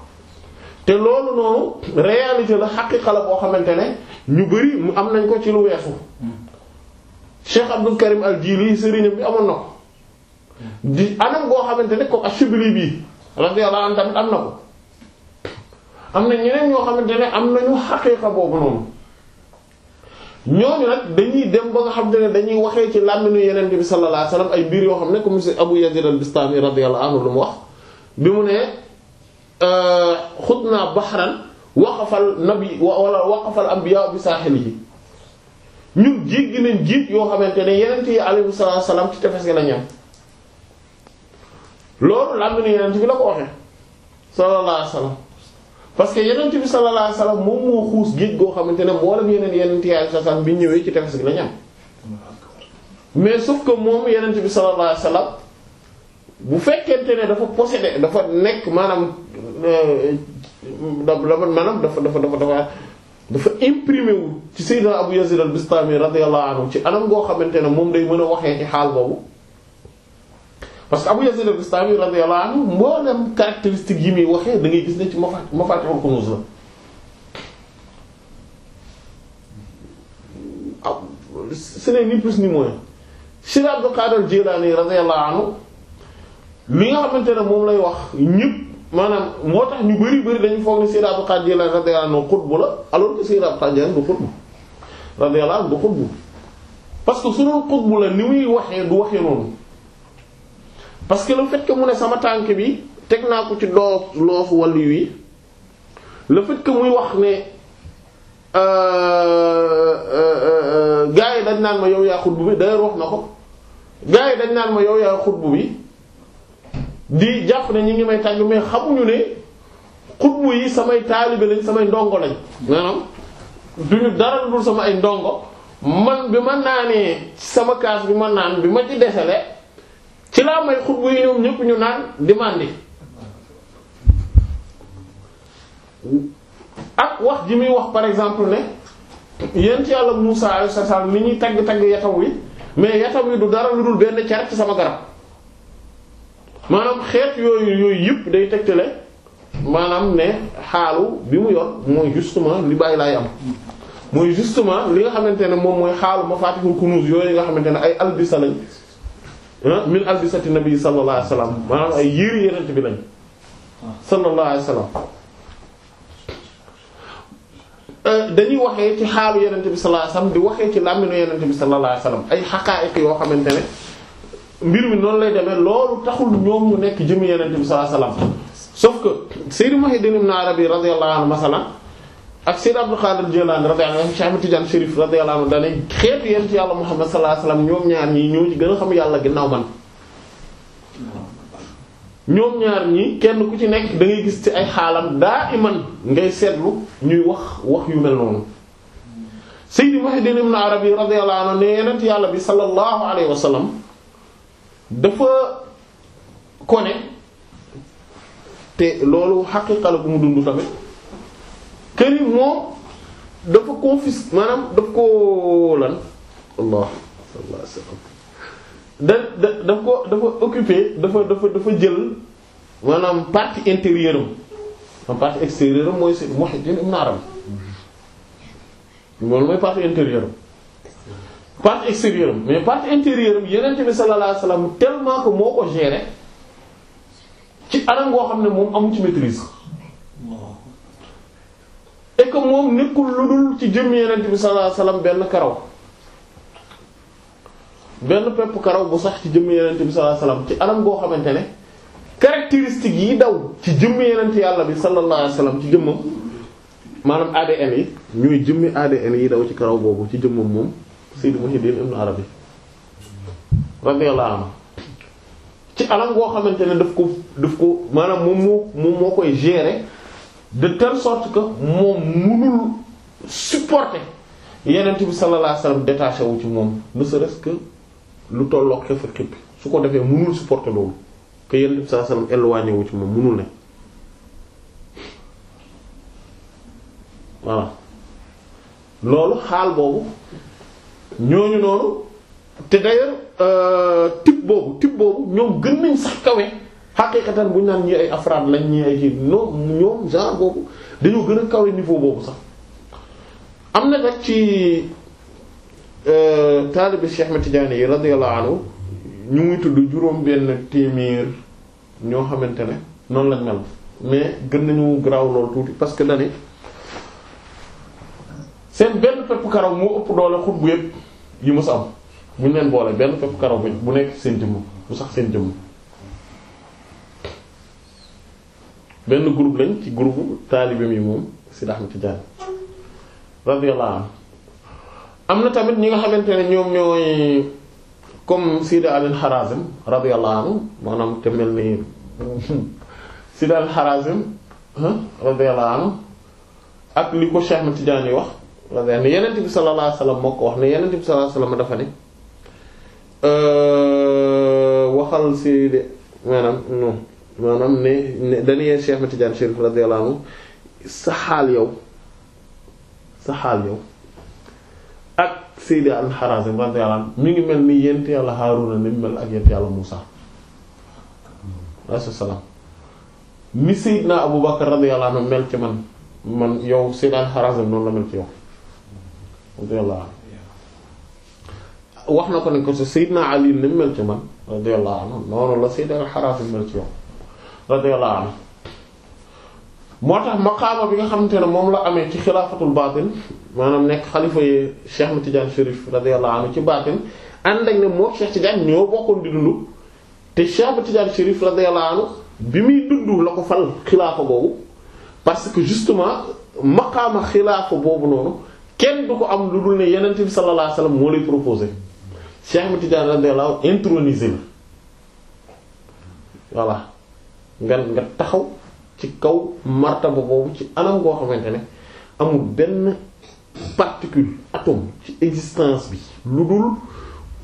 te loolu noonu réalité la xaqiqa la boo xamante ne ñu bari mu am nañ ko ci lu weesu Cheikh Abdou Karim Al Jili sëriñam bi amoon na di anam boo xamante ne ko Ashibli bi radiyallahu anhu am na na ñeneen yoo xamante ne am nañu xaqiiqa boobu noonu ñooñu nag dañuy dem ba nga xam ne dañuy waxee ci làmmiñu yeneen bi sallallahu alayhi wasallam ay mbir yoo xam ne comme monsieur Abu Yazid al-Bistami radiyallahu anhu lu mu wax bi mu ne euh, xutna bahran waqafal nabi wala waqafal anbiya bi saaxilihi ñu jiit gi nañ jiit yoo xamante ne yeneen yi alayhi salaam ci tefes gi la ñam loolu làmb ni yenent bi la ko waxee sallallahu alayhi wasallam parce que yenent bi sallallahu alayhi wasallam moom moo xuus géej goo xamante ne mboolem yeneen yenent yaay sasan bi ñëwee ci tefes gi la ñam mais sauf que moom yenent bi bu fekkente ne dafa possédé dafa nekk maanaam da euh, dafa maanaam dafa dafa dafa dafa dafa imprimé wu ci Sayyidina Abu Yazid al-Bistami ci anam goo xamante ne moom day mën a waxee ci xaal boobu parce que Abu Yazid al-Bistami radiyallahu anhu yi muy waxee da ngay gis ne ci mafaat mafaatihul kunuz la ah ce n'est ni plus li nga xamante ne moom lay wax ñëpp maanaam moo tax ñu bari bari dañu foog ne Cheikh Abdul Qadir Jilani radiyallahu anhu xutbu la alors que Cheikh du xutbu radiyallahu anhu du xutbu parce su doon xutbu la ni muy waxee du waxee noonu. parce que le fait mu ne sama tànk bi teg naa ko ci doo loofu wàllu wi le fait muy wax ne euh, euh, euh, gars yi dañ naan ma yow yaa xutbu bi d'ailleurs wax na ko gars yi dañ naan ma yow yaa xutbu bi di jàpp ne ñu ngi may tàgg mais xamuñu ne xutbu yi samay taalibe lañ samay ndongo lañ maanaam duñu dara dul sama ay ndongo man bi ma naanee sama kaas bi ma naan bi ma ci desele ci laa may xutba yi ñoom ñëpp ñu naan demande ak wax ji muy wax par exemple ne yéen ci yàlla Musaa sa salaam ni ñuy tagg tagg yataw wi mais yataw wi du dara lu dul benn car ci sama garab maanaam xeet yooyu yooyu yëpp day tegtale maanaam ne xaalu bi mu yoon mooy justement li bàyyi laay am mooy justement li nga xamante ne moom mooy xaalu ma fàttali ko Kunûz yooyu nga xamante ne ay albisa lañ min albisati nabi sallallahu alayhi wasallam maanaam ay yére yenent bi lañ sallallahu alayhi wasallam euh, dañuy waxee ci xaalu yenent bi sallallahu alayhi wasallam di waxee ci làmminu yenent bi sallallahu alayhi wasallam ay xaqaa'iq yoo xamante ne mbir mi noonu lay deme loolu taxul ñoom nekk jëmi yenent bi sallallahu alayhi wasallam sauf que Sayyid Muhyiddin ibn Arabi radiyallahu anhu masalan ak Seydou Abdou Khadir Jilani radiyallahu anhu Cheikh Ahmed Tidiane Chérif radiyallahu anhu dane xeetu yàlla Muhammad sallallahu alayhi wasallam ñoom ñaar ñi ñoo ci gën a xam yàlla ginnaaw man ñoom ñaar ñi kenn ku ci nekk dangay gis ci ay xaalam daa iman ngay seetlu ñuy wax wax yu mel noonu Sayyid Muhyiddin Ibn Arabi radiyallahu anhu ne yeneen yàlla bi sallallahu alayhi wasallam dafa kone te loolu xaqiqa la bu mu dund tamit këni moom dafa koo maanaam daf koo lan allah sallallahu daf ko dafa occupé dafa dafa dafa jël maanaam partie intérieure am maanaam partie mooy si Muhyiddin Ibn Arabi loolu mooy partie intérieure am partie extérieure am mais partie intérieure am Yonent bi sallallahu alayhi wasallam tellement que moo ko géré ci anam goo xam ne moom amu ci maîtrise et que moom nekkul lu dul ci jëmm yenent bi sallallahu alayhi benn karaw benn pepp karaw bu sax ci jëmm yenent bi sallallahu alayhi ci anam goo xamante ne caractéristiques yi daw ci jëmm yenent yàlla bi sallallahu alayhi wasallam ci jëmmam maanaam ADN yi ñooy jëmmi ADN yi daw ci karaw boobu ci jëmmam moom Sayyid Muhyiddin Ibn Arabi radiyallahu anhu ci anam goo xamante ne daf ko daf ko maanaam moom moo moom moo koy gérer de telle sort que moom munul supporter yenent bi sallallahu alayhi wasallam wu ci moom ne serait lu tolloog xef ak xippi su ko defee munul supporter loolu que yenent bi sallallahu alayhi wu ci moom munul ne voilà loolu xaal boobu ñooñu noonu te d'ailleurs euh, type boobu type boobu ñoom gën nañ sax kawe xaqiiqatan bu ñu naan ñi ay afraad lañ ñi ay kii ñoom ñoom genre boobu dañoo gën a kawe niveau boobu sax am na nag ci euh, taalibi Cheikh Ahmed Tidiane yi radiyallahu anhu ñu ngi tudd juróom benn téeméer ñoo xamante ne noonu lañ mel mais gën nañu garaaw lool tuuti parce que dañu seen benn pepp karaw moo ëpp doole xut bu yëpp yi mës a am bu ñu leen boole benn pepp karaw bi bu nekk seen jëmm bu sax seen jëmm benn groupe lañ ci groupe taalibeem yi moom Seydi Ahmad Tidiane radiyallahu anhu am na tamit ñi nga xamante ne ñoom ñooy comme Seydi Ali Harazim radiyallahu anhu maanaam te mel ni Seydi Ali Harazim radiyallahu anhu ak li ko Cheikh Ahmad Tidiane yi wax radiyallahu ne Yonent bi sallallahu alayhi moo ko wax ne sa bi sallallahu alayhi wasallam dafa ne euh, waxal Seydi maanaam non maanaam ne ne dañuy Cheikh Ahmed Tidiane Chérif radiyallahu anhu sa xaal yow sa xaal yow ak Seydi Al-Harazim radiyallahu anhu mi ngi mel ni yent yàlla Haaruna ni mel ak yent yàlla Muusa alayhi salaam ni Seydina Abu Bakar radiyallahu anhu mel ci man man yow Seydi Al-Harazim noonu la mel ci yow radiyallahu anhu wax na ko ne ko Seydina Ali ni mel ci man radiyallahu anhu noonu la Seydi Al-Harazim mel ci yow radiyallahu anhu moo tax maqaama bi nga xamante ne moom la amee ci xilaafatul baatin maanaam nekk xalifa yi Cheikh Ahmed Tidiane Chérif radiyallahu ci baatin ànd ak ne moo Cheikh Tidiane ñoo bokkoon di dund te Cheikh ma Tidiane Chérif radiyallahu bi muy dund la ko fal xilaafa boobu parce que justement maqaama xilaafa boobu noonu kenn du ko am lu dul ne Yonent bi sallallahu alayhi wasallam moo lay proposé Cheikh Ahmed Tidiane radiyallahu anhu la voilà nga nga taxaw ci kaw martaba boobu ci anam goo xamante ne amul benn particule atome ci existence bi lu dul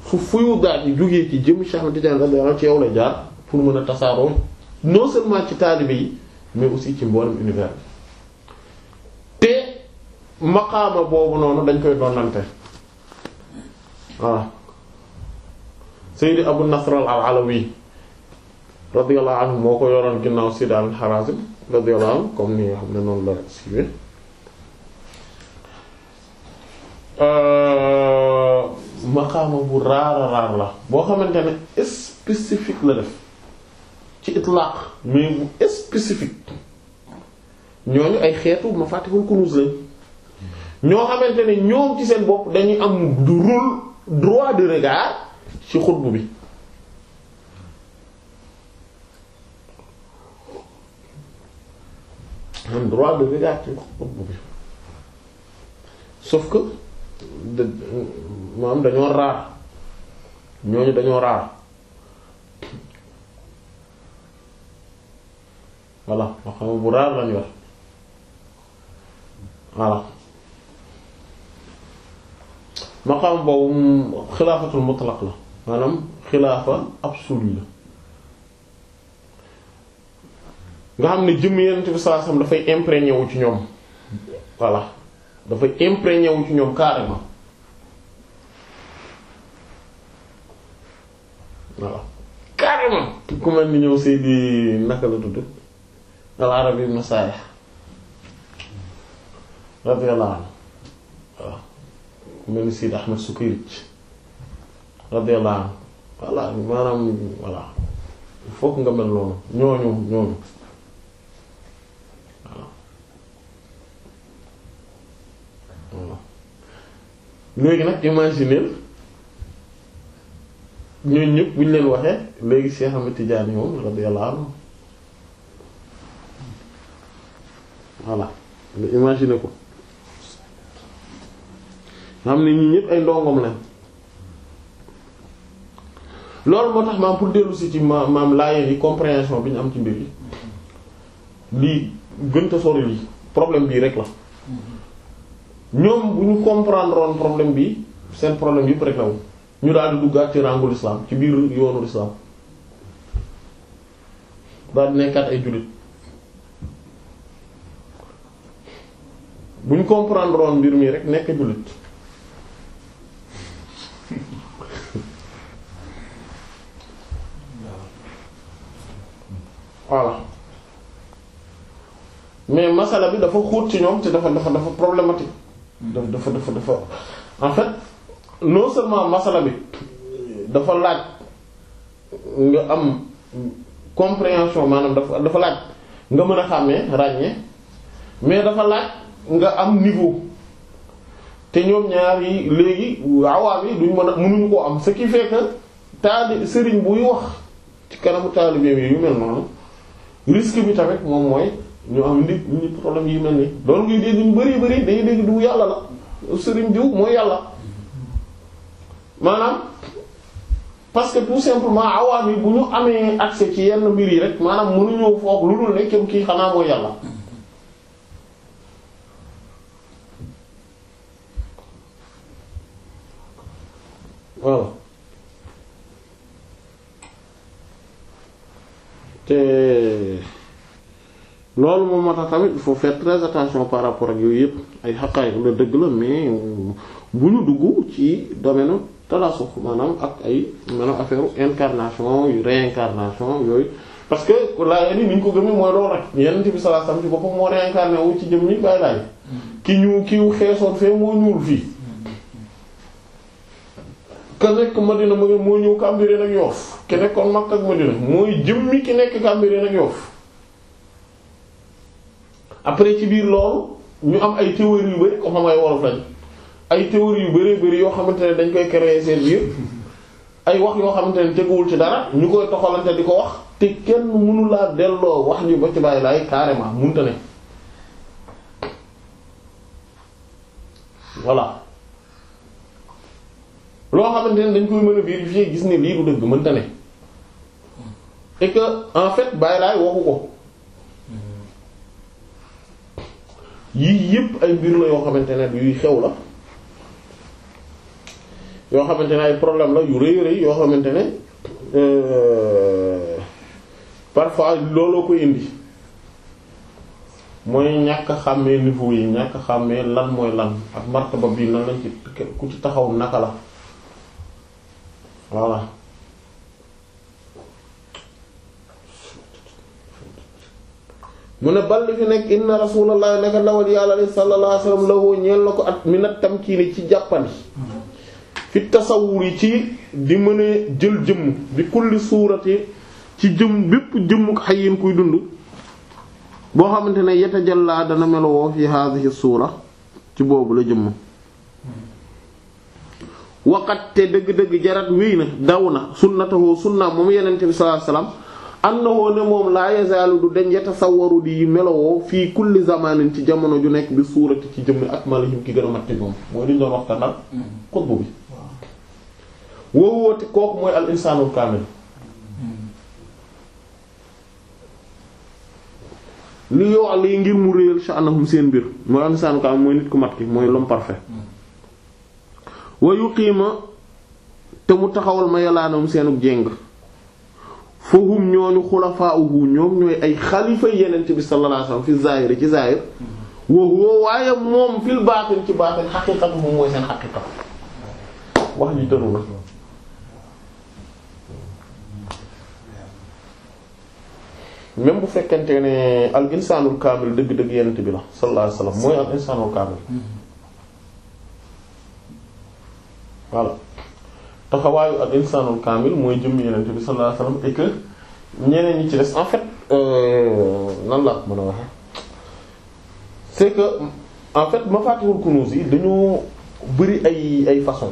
fu fuyu daal yi jógee ci jëm Cheikh Ahmed Tidiane ci yow la jaar pour mën a tasaaroo non seulement ci taalibe yi mais aussi ci mboolem univers bi te maqaama boobu noonu dañ koy donnante waaw Seydi Abu Nasr al-Alawi radiyallahu anhu moo ko yoroon ginnaaw Sidaal Harazim radiyallahu comme ni nga xam ne noonu la siiwee euh, maqaama bu raara raar la boo xamante ne spécifique la def ci itlaq mais bu spécifique ñooñu ay xeetu mafatihul kunuz lañ ñoo xamante ne ñoom ci seen bopp dañuy am droit de regard ci xutbu bi en droit de regarder ci dañoo raar ñooñu dañoo raar voilà ma xam bu raar lañu wax voilà maqaam boobu xilaafatul mutlaq la maanaam xilaafa absolu la nga xam ne jëmm yenent bi sallallahu alayhi wasallam dafay imprégné wu ci ñoom voilà dafay imprégné wu ci ñoom carrément voilà carrément ku mel ni ñëw Seydi naka la tudd al Arabi ibn Salih radiyallahu anhu waaw ku mel ni Seydi Ahmed Sukayrij radiyallahu anhu voilà maanaam voilà fokk nga mel noonu ñooñu ñooñu léegi nag imaginer ñun ñëpp bu ñu leen waxee léegi Cheikh Ahmed Tidiane moom radiyallahu anhu voilà nga imaginer ko nga xam ne ñii ñëpp ay ndongom lañ loolu moo tax maam pour dellu si ci maam maam laajee ni compréhension bi ñu am ci mbir lii gën sori lii problème bii rek la. ñoom bu ñu comprendre problème bi seen problème yëpp rek la wu ñu daal di duggaat ci ràngul islam ci biir yoonu islam daal di nekkaat ay jullit bu ñu comprendre mbir mi rek nekk jullit voilà mais masala bi dafa xóot ci ñoom te dafa dafa dafa problématique dafa dafa dafa en fait non seulement masala dafa laaj nga am compréhension maanaam dafa dafa laaj nga mën a xàmmee ràññee mais dafa laaj nga am niveau te ñoom ñaari yi léegi awaam yi duñ mën a mënuñu koo am ce qui fait que taali sëriñ buy wax ci kanamu taalibe yi yu mel noonu risque bi tamit moom mooy ñu am nit ñi problème yi mel ni loolu ngay dégg ñu bari bari dañuy dégg du yàlla la sëriñ diw mooy yàlla maanaam parce que tout simplement awaam bu ñu amee accès ci yenn mbir yi rek maanaam mënuñoo foog lu dul ne kem kii xanaa mooy yàlla waaw te loolu moom moo tax tamit il faut faire attention par rapport ak yooyu yëpp ay xaqaay la dëgg la mais bu ñu dugg ci domaine talasuf maanaam ak ay maanaam affaire incarnation yu réincarnation yooyu parce que laayeen yi ni ñu ko gëmee mooy loolu rek yenent bi sallallahu ci boppam moo réincarné wu ci jëm bàyyi laay ki ñu kiw xeesoon fee moo ñuul fii ka nekk ma nga moo ñëw Cambérène ak Yoff ki nekkoon Makka ak Madina mooy jëmmi ki nekk Cambérène ak après ci biir loolu ñu am ay théories yu bari ko xam ay wolof lañ ay théories yu bari bari yoo xamante ne dañ koy créer seen biir ay wax yoo xamante ne teguwul ci dara ñu koy toxalante di ko wax te kenn mënu laa delloo wax ñu ba bàyyi laay carrément mënta ne voilà loo xamante ne dañ koy mën a vérifier gis ne lii du dëgg mënta ne et que en fait bàyyi laay waxu ko. yii yépp ay biir la yoo xamante ne yuy xew la yoo xamante ne ay problème la yu rëy rëy yoo xamante ne euh, parfois looloo ko indi mooy ñàkk xàmmee niveau yi ñàkk xàmmee lan mooy lan ak martaba bii lan lañ ci ku ci taxaw naka la voilà mu ne bal fi nekk inna rasulullah nekk ndawal yàlla li sallallahu alayhi wasallam lahu mi nag tamkiini ci jàppandi ci di mën a jël jëmm bi kulli suurati ci jëmm bépp jëmm xayin kuy dund boo xamante ne yatajalla dana melowoo fi hadhihi suura ci boobu la jëmm waqat te dëgg-dëgg jarat wéy daw na sunnatahu sunna moom yenente bi sallallahu alayhi annahu ne moom laa yazaalu du dañ yatasawwaru di melowoo fii kulli zamanin ci jamono ju nekk bi suurati ci jëmm akmalihim ki gën a mat ci moom mooy li ñu doon waxtaanal xutbu mooy mu réyal sha'nahum seen mbir mooy al insaanul kaamil nit ku mat ki mooy l'homme parfait wa te mu taxawal ma yalaanam seenu jeng fahum ñooñu xulafaa'uhu ñoom ñooy ay xalifa yenent bi sallallahu alayhi fi zaahir ci zaahir wa huwa waaye moom fil baatin ci baatin xaqiiqatu moom mooy seen xaqiiqa wax ji tëru na même bu fekkente ne al insaanul kaamil dëgg-dëgg yenent bi la sallallahu alayhi wasallam mooy al insaanul kaamil voilà taxawaayu ak insaanul kaamil mooy jëmm yeneen bi sallallahu alayhi wasallam et que ñeneen ñi ci des en fait euh, nan laa ko mën a waxe c'est que en fait mafatihul kunuz yi dañoo bari ay ay façon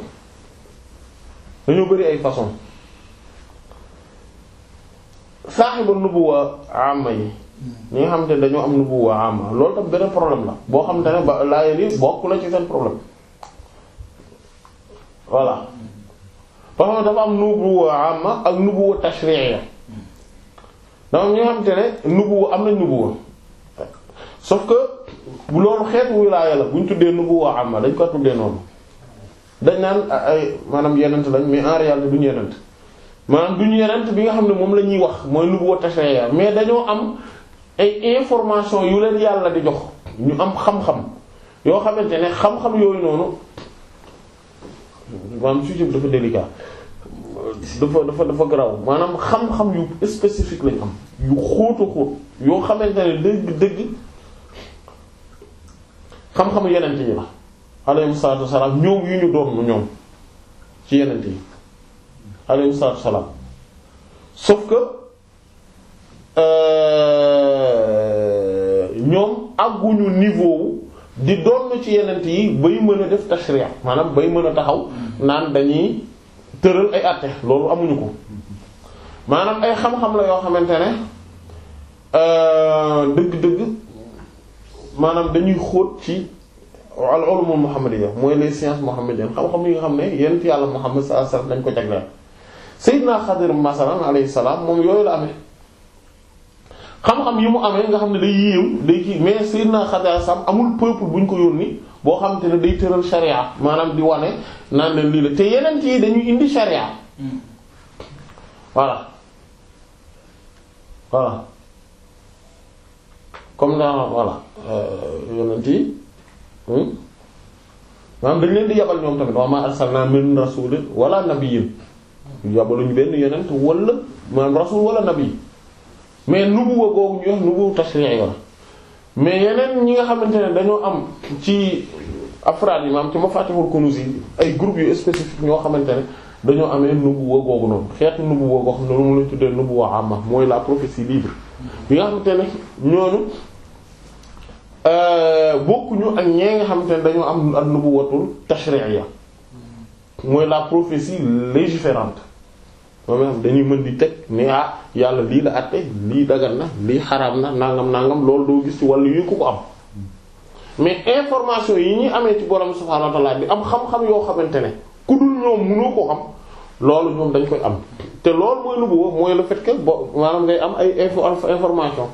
dañoo bëri ay façon saaxibu nubuwa ama yi ñu nga xamante ne dañoo am nubuwa ama loolu tam benn problème la boo xam ne ba laayeen yi bokk na ci seen problème voilà parce que dafa am nubuwa amma ak nubuwa tashri'iyya dafa am ñoo xamante ne nubuwa am na nubuwa sauf que bu loolu xeet wilaaya la bu ñu tuddee nubuwa amma dañ ko tuddee noonu dañ naan ay maanaam yenent lañ mais en réalité duñu yenent maanaam duñu yenent bi nga xam ne moom la ñuy wax mooy nubuwa tashri'iyya mais dañoo am ay information yu leen yàlla di jox ñu am xam yoo xamante ne xam-xam yooyu noonu maanaam sujet bi dafa délicat dafa dafa dafa garaaw maanaam xam-xam yu spécifique lañ am yu xóotu xóot yoo xamante ne dëgg dëgg xam-xamu yeneen yi la alayhi salaatu ñoom yu ñu doon ñoom ci yeneen yi alayhi salaatu wasalaam euh, ñoom àgguñu niveau di doon ci yenent yi bay mën a def tashri' maanaam bay mën a taxaw naan dañuy tëral ay àtte loolu amuñu ko maanaam ay xam-xam la yoo xamante ne euh, dëgg-dëgg maanaam dañuy xóot ci al ulumul muhammadiyya mooy les sciences muhammadiennes xam-xam yi nga xam ne yenent yàlla Muhammad sallallahu sa wasallam dañ ko jagleel Seydina Xadir masalan alayhi salaam moom yooyu la amee xam-xam yi mu amee nga xam ne day yéew day kii mais Seydina Xadir Sam amul peuple bu ñu ko yónni boo xam te ne day tëral charia maanaam di wane naan leen lii la te yeneen yi dañuy indi charia hmm. voilà voilà comme naa voilà euh, yonent yi hmm? maanaam dañ leen di yabal ñoom tamit wa ma arsalna min rasulin wala nabiyyin yabaluñu benn yonent wala maanaam rasul wala nabi mais nubuwa googu ñu wax nubuwa tashri'i la mais yeneen ñi nga xamante ne dañoo am ci afraad yi maanaam ci mafatihul kunuz yi ay groupes yu spécifique ñoo xamante ne dañoo amee nubuwa googu noonu xeetu nubuwa goo xam ne lu mu lañ tuddee nubuwa amma mooy la prophétie libre bi nga xamante ne ñooñu euh, bokkuñu ak ñee nga xamante ne dañoo am ak nubuwatul ya mooy la prophétie légiférante moom nga xam dañuy mën di teg ne ah yàlla lii la àtte lii dagan na lii xaraam na nangam nangam loolu doo gis ci wàllu yu ku ko am mais information yi ñuy amee ci borom subhaanahu wa ta'aala bi am xam-xam yoo xamante ne ku dul ñoom mënoo ko am loolu ñoom dañ koy am te loolu mooy lu bu mooy le fait que bo maanaam ngay am ay information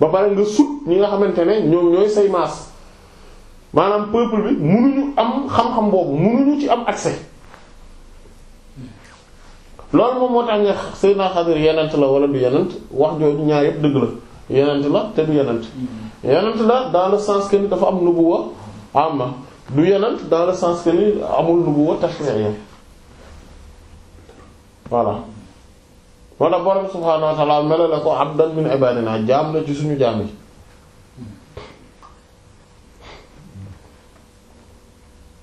ba pare nga sut ñi nga xamante ne ñoom ñooy say maas maanaam peuple bi mënuñu am xam-xam boobu munuñu ci am accès. loolu moom moo tax sëy naa Xadir yenent la wala du yenent wax jooju ñaar yëpp dëgg la yenent la te du yenent mm-hmm. yenent la dans le sens que ni dafa am nubuwa amma du yenent dans le sens que ni amul nubuwa tashri'iyya voilà wala borom subhaanahu wa ta'aala ko abdan min ibaadinaa jaam la ci suñu jaam yi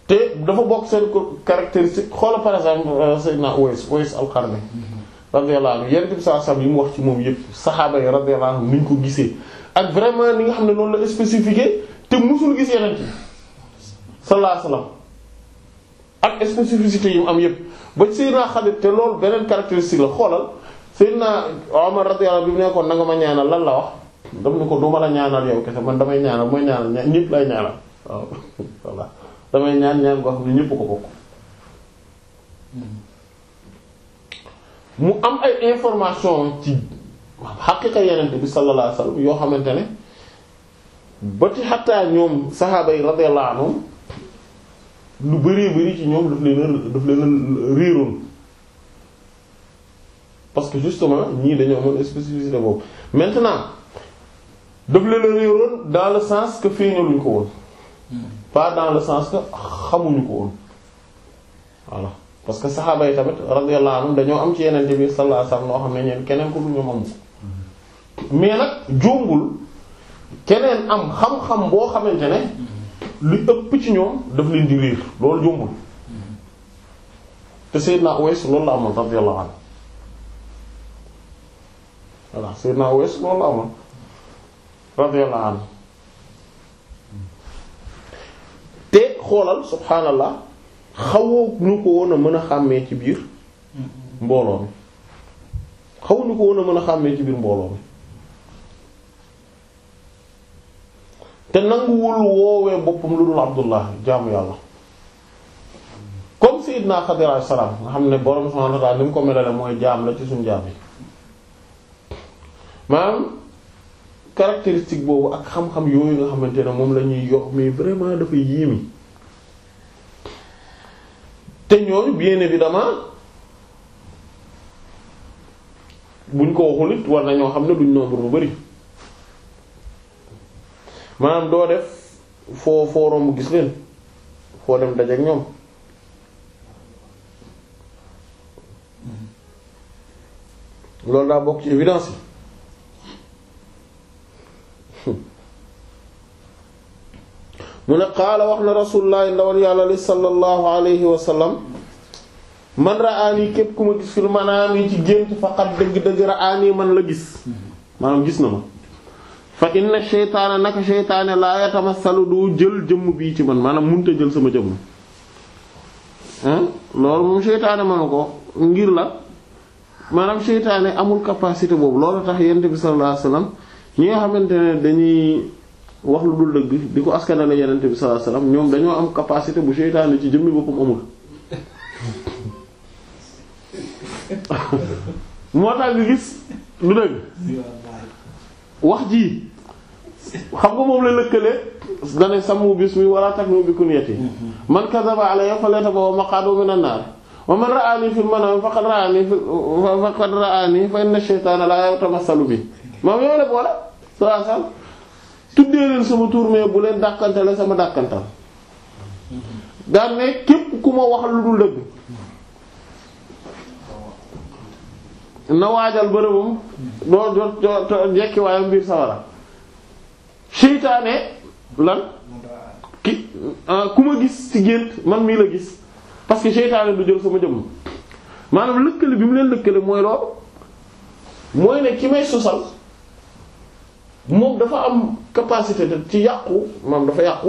te dafa bokk seen caractéristique xoolal par exemple euh, Seydina Uways Uways al-Qarni radiyallahu anhu yenn bi saa sam yi mu wax ci moom yépp saxaaba yi radiyallahu anhu ni ñu ko gisee ak vraiment li nga xam ne loolu la spécifié te musul gis yeneen ci sallallahu alayhi wasallam ak spécificité yi mu am yépp ba naa Xaalid te loolu beneen caractéristique la xoolal Seydina Omar radiyallahu anhu bi mu nekkoon na nga ma ñaanal lan la wax dam ni ko duma la ñaanal yow kese man damay ñaanal mooy ñaanal ñëpp lay ñaanal waaw voilà samay ñaan ñaan goo xam ne ñëpp ko bokk mu am ay information ci xaqiqa yenente bi sallallahu alayhi yoo xamante ne ba ci xattaa ñoom saxaaba yi lu bari bari ci ñoom daf leen daf leen réeroon parce que justement ñii dañoo amoon spécificité boobu maintenant daf leen réeroon dans le sens que feeñaluñ ko woon pas dans le sens xamuñu ko woon voilà parce que saxaaba yi tamit radiyallahu dañoo am ci yeneen bi sallallahu alayhi wasallam noo xam ne ñeen keneen ko du ñu xamu ko nag jombul keneen am xam-xam boo xamante ne lu ëpp ci ñoom daf leen di riir loolu jombul te Seydina Uways loolu la amoon radiyallahu anhu voilà Seydina Uways loolu la amoon radiyallahu te xoolal subhaanallah xawoo ñu ko woon a mën a xàmmee ci biir mbooloo mi xaw ñu ko woon a mën a xàmmee ci biir mbooloo mi te nanguwul woowee boppam lu dul abdullah jaamu yàlla comme Seydina Xadir alayhi salaam nga xam ne borom subhaanahu wa ta'aala ni mu ko melale mooy jaam la ci suñu jaam yi maanaam caractéristique boobu ak xam-xam yooyu nga xamante ne moom la ñuy yox mais vraiment dafa yéemi te ñooñu bien évidemment buñ ko waxul it war nañoo xam ne duñ nombre bu bari maanaam doo def foo foo romb gis leen foo dem dajeek ñoom loolu daa bokk ci évidence yi mu ne qaala wax na rasulullah ndawal yàlla li sallallahu alayhi wa man ra'aani képp ku ma gis fil manaami ci gént faqat dëgg-dëgg ra'aani man la gis maanaam gis na ma fa inna sheytaana naka sheytaane laa yatamassalu du jël jëmm bii ci man maanaam munta jël sama jëmm loolu moom sheytaane manu ko ngir la maanaam sheytaane amul capacité boobu loolu tax yent bi sallallahu alayhi ñi nga xamante ne dañuy wax lu dul dëgg di ko askanale yeneen bi sallallahu alayhi wasallam ñoom dañoo am capacité bu seytaane ci jëmmi boppam amul. moo tax gis lu dëgg wax ji xam nga moom la lëkkale dane samu bismi wala taknu bi kunyati man kadhaba alayya falyatabawa maq'adahu minan nar wa man ra'ani fil manam faqad ra'ani faqad ra'ani fa inna ash-shaytana la yatamassalu bi moom yow la boole sallallahu alayhi wasallam tuddee leen sama tur mais bu leen dàkkantale sama dàkkantal daan ne képp ku ma wax lu dul dëgg na waajal bërëbam doo doo jekki waayam biir sawara seytaane lan ki ah, ku ma gis ci gént man mii la gis parce que seytaane du jël sama jëmm maanaam lëkkale bi mu leen lëkkale mooy loolu mooy ne ki may sosal moom dafa am capacité de ci yàqu maam dafa yàqu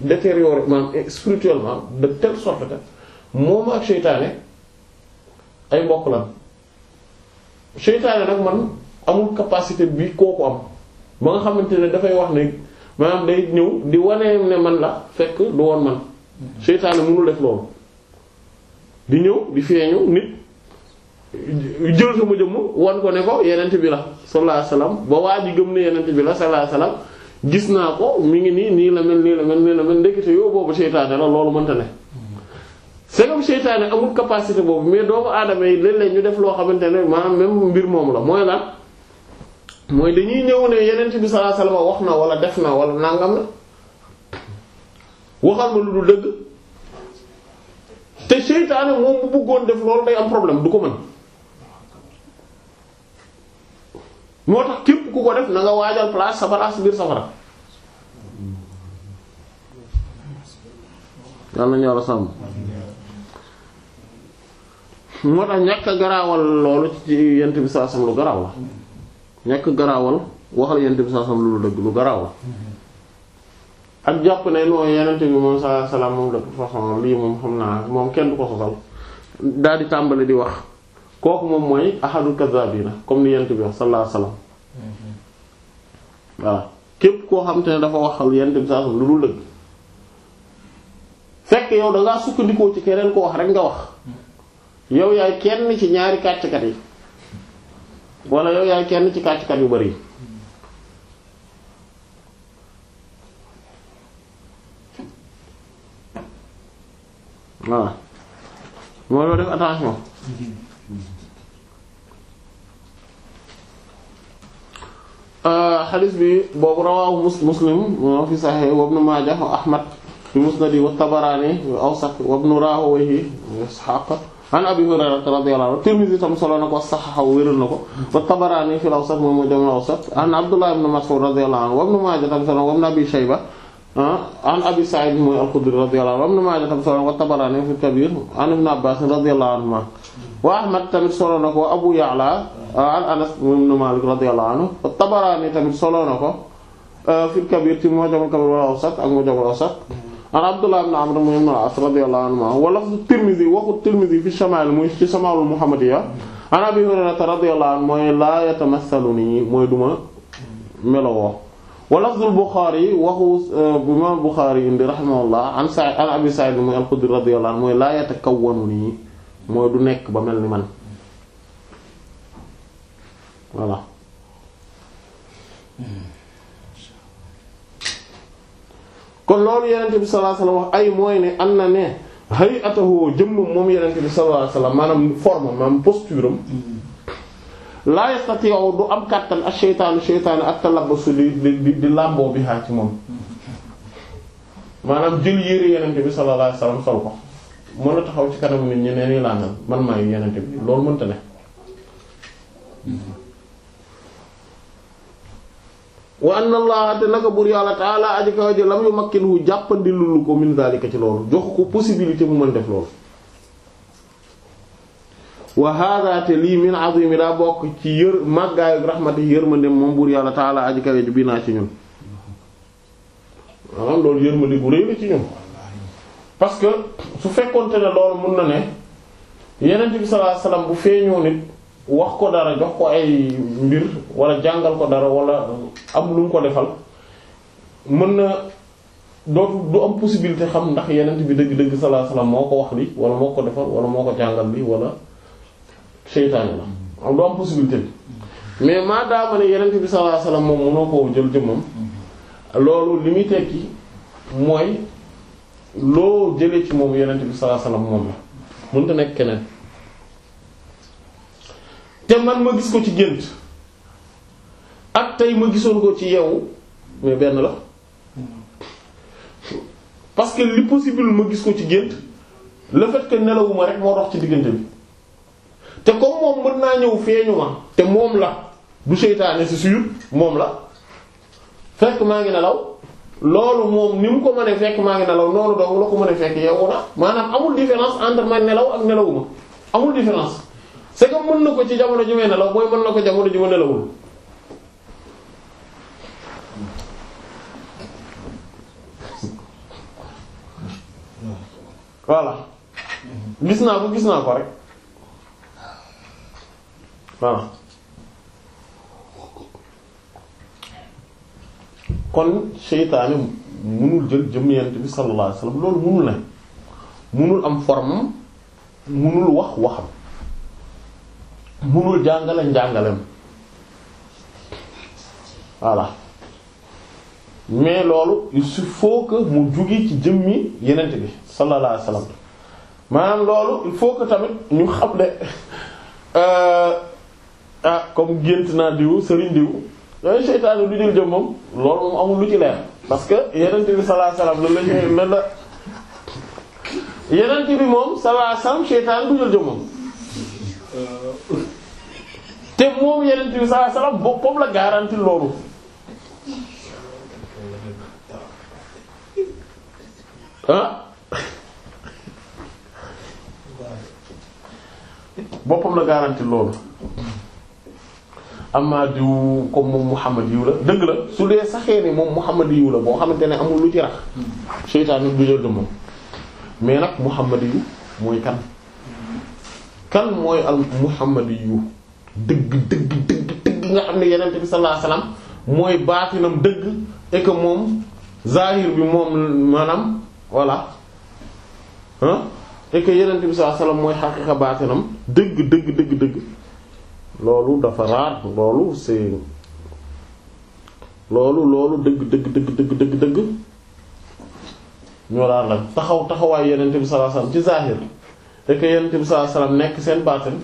détérioré maam spirituellement de telle sorte que moom ak seytaane ay mbokk lan seytaane nag man amul capacité bi kooku am ba nga xamante ne dafay wax ne maanaam day ñëw di wane ne man la fekk du woon man seytaane mënul def loolu di ñëw di feeñu nit jël sama jëmm wan ko ne ko yenent bi la sallallahu alayhi wasallam ba waa ji gëm ne yenent bi la sallallahu gis naa ko mi ngi nii nii la mel nii la mel nii la mel ndekete yoo boobu seytaane la loolu mënta ne segam seytaane amul capacité boobu mais doomu aadama yi léeg-léeg ñu def loo xamante ne maanaam même mbir moom la mooy lan mooy dañuy ñëw ne yenent bi sallallahu alayhi wasallam wax na wala def na wala nangam na waxal ma lu dul dëgg te seytaane moom bu bëggoon def loolu day am problème du ko mën moo tax képp ku ko def na waajal place sa baraas biir safara yal na ñor sàmm moo tax ñàkk garaawal loolu ci yent bi saa sam lu garaaw la ñàkk garaawal waxal yent bi saa sam lu dëgg lu garaaw la ak jàpp ne noo yenent bi moom saa salaam moom façon lii moom xam naa moom kenn du ko sosal daal di tàmbali di wax kooku moom mooy ahadul kazzabina comme ni yent bi wax sallallahu alayhi képp koo xam te ne dafa waxal yent bi sallallahu lu dul dëgg fekk yow dangaa sukkandikoo ci keneen ko wax rek nga wax yow yaay kenn ci ñaari kàcckat yi wala yow yaay kenn ci kàcckat yu bari yi voilà moo def attention mhm. xadis euh, bi boobu rawaahu mus muslim moo fi saxee wa ibnu Maaja wa Ahmad fi musnadi wa Tabaraani wa Awsaq wa ibnu Raahawayhi Isxaaq an Abi Hurayra radiyallahu anhu Tirmidhi tam solo na ko saxaw wéral na ko wa Tabaraani fil Awsat moom moo jëm Awsat an Abdullah ibn Mas'ud radiyallahu anhu wa ibnu Maaja tam solo wa ibnu Abi Shayba ah, an Abi Sa'id mooy al-Khudri radiyallahu anhu wa ibnu Maaja tam solo wa Tabaraani fil Kabir an ibnu Abbaas radiyallahu anhumaa wa Ahmad tamit solo na ko Abu Ya'la ah, an Anas ibn Malik radiyallahu anhu at-Tabarani tamit solo na ko ah, fil Kabir ci Mu'jam al-Kabir wal Awsat ak Mu'jam al-Awsat an Abdullah ibn Amr ibn al-As radiyallahu anhu wa lafz Tirmidhi waxu Tirmidhi fi Shamaa'il muy ci Shamaa'il Muhammadiyya an Abi Hurayrata radiyallahu anhu mooy la yatamathaluni mooy duma melowoo wa lafzul Bukhari waxu ah, imam Bukhari indi rahimahullah an Sa'id an Abi Sa'id muy al-Khudri radiyallahu anhu mooy la yatakawwanuni mooy du nekk ba mel ni man voilà kon loolu yenente bi sallallahu alayhi ay mooy ne am na ne hay'atuhu jëmmam moom yenente bi sallallahu alayhi wasallam maanaam forme maanaam posture am laa du am kàttan ak sheytaanu sheytaanu ak talabbasu di di di làmboo bi xaa ci moom maanaam jël yére yenente bi sallallahu alayhi sol ko mën a taxaw ci kanam nit ñi ne nii laa mel man maay yenente bi loolu mënta ne wa anna naka buur yàlla taala aji ji lam yu makkinuhu jàppandi lulu ko min zalika ci loolu jox ko possibilité mu mën def loolu wa hada lii min azimi daa bokk ci yër màggaayu rahmati yërmandem moom buur yàlla taala aji ji bi naa ci ñun maanaam loolu yërmande bu rëy la ci ñun parce que su fekkonte ne loolu mën na ne yeneen bi sallallahu alayhi bu feeñoo nit wax ko dara jox ko ay mbir wala jàngal ko dara wala am lu mu ko defal mën na dootu du am possibilité xam ndax yeneen bi dëgg-dëgg sallallahu alayhi moo ko wax li wala moo ko defal wala moo ko jàngal li wala seytaane la du am possibilité bi mais maa daama ne yeneen bi sallallahu alayhi moom mënoo koo jël jëmmam loolu li muy tekki mooy loo jëlee ci moom yenente bi sallallahu alayhi wasallam moom la mënta nekk keneen te man ma gis ko ci gént ak tey ma gisoon ko ci yeewu mais benn la parce que li possible ma gis ko ci gént le fait que nelawuma rek moo dox ci diggante bi te comme moom mën naa ñëw feeñu ma te moom la du seytaane c'est sûr moom la fekk maa ngi nelaw loolu moom ni mu ko mën a fekk maa ngi nelaw noonu dong la ko mën a fekk yow na maanaam amul différence entre ma nelaw ak nelawuma amul différence c'est que mën na ko ci jamono ji may nelaw mooy mën na ko jamono ji ma nelawul voilà gis naa ko gis naa ko rek voilà kon seytaane munul jël jëm yent bi sallallahu alayhi loolu munul ne munul am forme munul wax waxam munul jàngale njàngaleem voilà mais loolu il faut que mu jugi ci jëmmi yenent bi sallallahu alayhi wasallam maanaam loolu il faut que tamit ñu xam de euh, ah comme gént naa diw sëriñ diw yooyu seytaane jël jëmmam loolu moom amul lu ci leer parce que yenent bi sallallahu alayhi wasallam la lañu lan la bi moom sallallahu alayhi wasallam jël jëmmam te moom yenent bi sallallahu boppam la garanti loolu boppam la garanti loolu amaa diw comme moom Muhammad yiw la dëgg la su dee saxee ne moom Muhammad yiw la boo xamante ne amul lu ci rax hmm. seytaane du jël moom mais nag Muhammad yiw mooy kan kan mooy al Muhammad yiw dëgg dëgg dëgg nga xam ne yenente bi sallallahu alayhi wasallam mooy baatinam dëgg et que moom zahir bi moom maanaam voilà hein et que yenente bi sallallahu alayhi mooy xaqiqa baatinam dëgg dëgg dëgg dëgg loolu dafa raar loolu c'est loolu loolu dëgg dëgg dëgg dëgg ñoo raar nag taxaw taxawaay yenente bi sallallahu alayhi wasallam ci zahir ek yenente bi sallallahu alayhi nekk seen baatin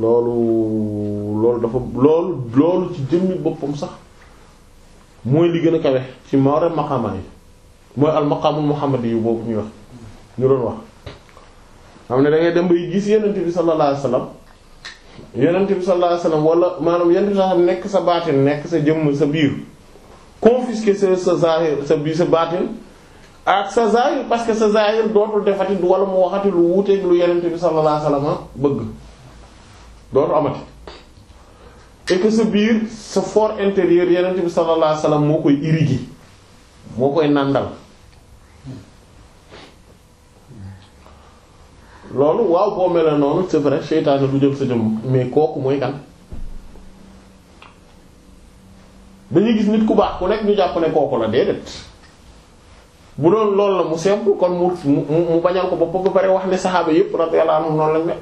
loolu loolu dafa loolu loolu ci jëmmi boppam sax mooy li gën a kawe ci mawre maqaama yi mooy al maqaamul muhammadi yu boobu ñuy wax ñu doon wax xam ne dangay ngay dem bay gis yenent bi sallallahu alayhi wasallam yenent bi sallallahu alayhi wasallam wala maanaam yenent bi sallallahu nekk sa baatin nekk sa jëmm sa biir confisquer sa sa zahir sa biir sa baatin ak sa zahir parce que sa zahir dootul defati wala mu waxati lu wuuteeg lu yenent bi sallallahu alayhi wasallam bëgg dootul amati et sa biir sa for intérieur yenent bi sallallahu alayhi moo koy irriguer moo koy nàndal loolu waaw boo mel noonu c'est vrai seytaane du jëm sa jëm mais kooku mooy kan dañuy gis nit ku baax ku nekk ñu jàpp ne kooku la déedéet bu doon loolu la mu simple kon mu mu mu bañal ko bopp ba pare wax ne saxaaba yépp radiyallahu anhum noonu lañ ne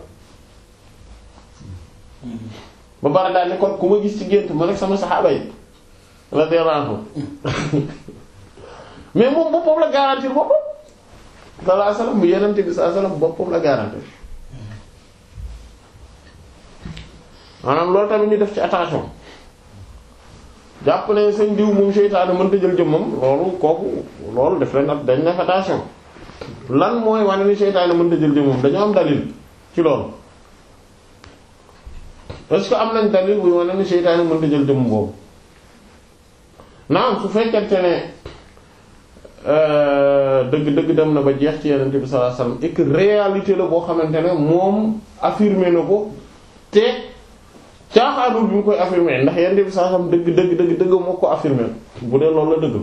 ba pare daal ne kon ku ma gis ci gént ma rek sama saxaaba yi radiyallahu hmm. mais moom boppam la garantir boppam sallallahu alayhi wasallam bu yenente bi sallallahu alayhi wasallam boppam la garanti maanaam loolu tamit ñu def ci attention jàpp ne seen diw moom seytaane mënta jël jëmmam loolu kooku loolu def leen dañ def attention lan mooy wane ni seytaane mënta jël jëmmam dañoo am dalil ci loolu est-ce que am nañ dalil buy wane ni seytaane mënta jël jëmm boobu naam su fekkente ne Euh, dëgg dëgg dem na ba jeex ci yenente bi sallallahu alayhi wasallam et boo xamante ne moom affirmé na ko te caaxaanul bi mu koy affirmé ndax yenente bi sallallahu alayhi dëgg dëgg dëgg dëgg moo ko affirmé bu dee loolu la dëgg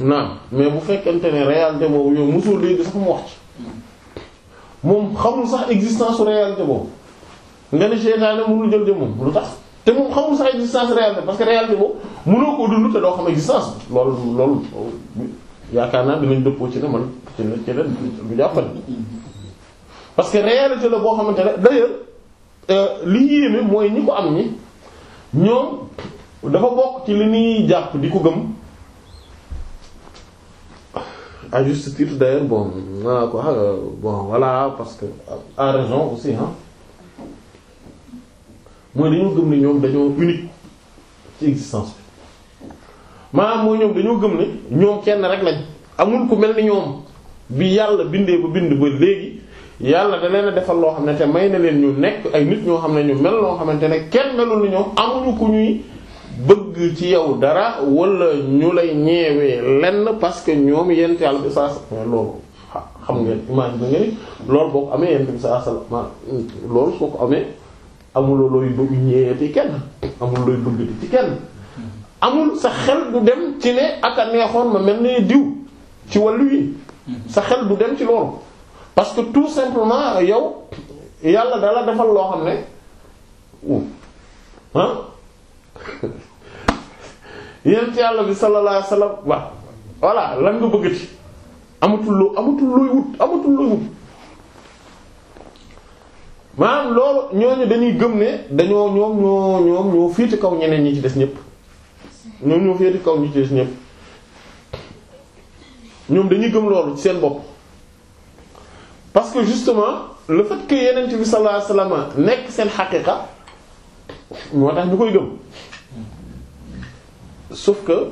la naam mais bu fekkente ne réalité boobu yow mosul léegi sax mu wax ci moom xamul sax existence su réalité boobu nga ne seytaane mënul jël jëmmam lu tax te moom xamul sax existence réalité parce que réalité boobu mënoo koo dund te doo xam existence loolu loolu yaakaar naa dinañ dëppoo ci ne man ci ne ci ne du jàppale parce que réalité la boo xamante ne d'ailleurs euh, li yéeme mooy ni ko am ñi ñoom dafa bokk ci li ñuy jàpp di ko gëm à juste bon maanaa ko ah, bon voilà parce que à raison aussi hein mooy dañoo gëm ne ñoom dañoo unique ci existence bi maanaam mooy ñoom dañoo gëm ne ñoom kenn rek lañ amul ku mel ni ñoom bi yàlla bindee ba bind ba léegi yàlla da leen defal loo xam ne te may na leen ñu nekk ay nit ñoo xam ne ñu mel loo xamante ne kenn melul ni ñoom amuñu ku ñuy bëgg ci yow dara wala ñu lay ñeewee lenn parce que ñoom yent yàlla bi sa loolu xam nga image bi loolu soo ko amee amuloo looy bëgg ñeeti kenn amul looy bëgg ci kenn amul sa xel du dem ci ne ak a neexoon ma mel ne diw ci wàllu yi sa xel du dem ci loolu parce que tout simplement yow yàlla dala defal loo xam ne ah yent yàlla bi sallallahu alayhi wasallam waaw voilà lan nga bëgg ci amatul loo amatul looy wut amatul looy wut maanaam loolu ñooñu dañuy gëm ne dañoo ñoom ñoo ñoom ñoo féete kaw ñeneen ñi ci des ñëpp ñoom ñoo féete kaw ñi ci des ñëpp ñoom dañuy gëm loolu ci seen bopp parce que justement le fait que bi sallallahu alayhi nekk seen xaqiqa moo tax ñu koy gëm sauf que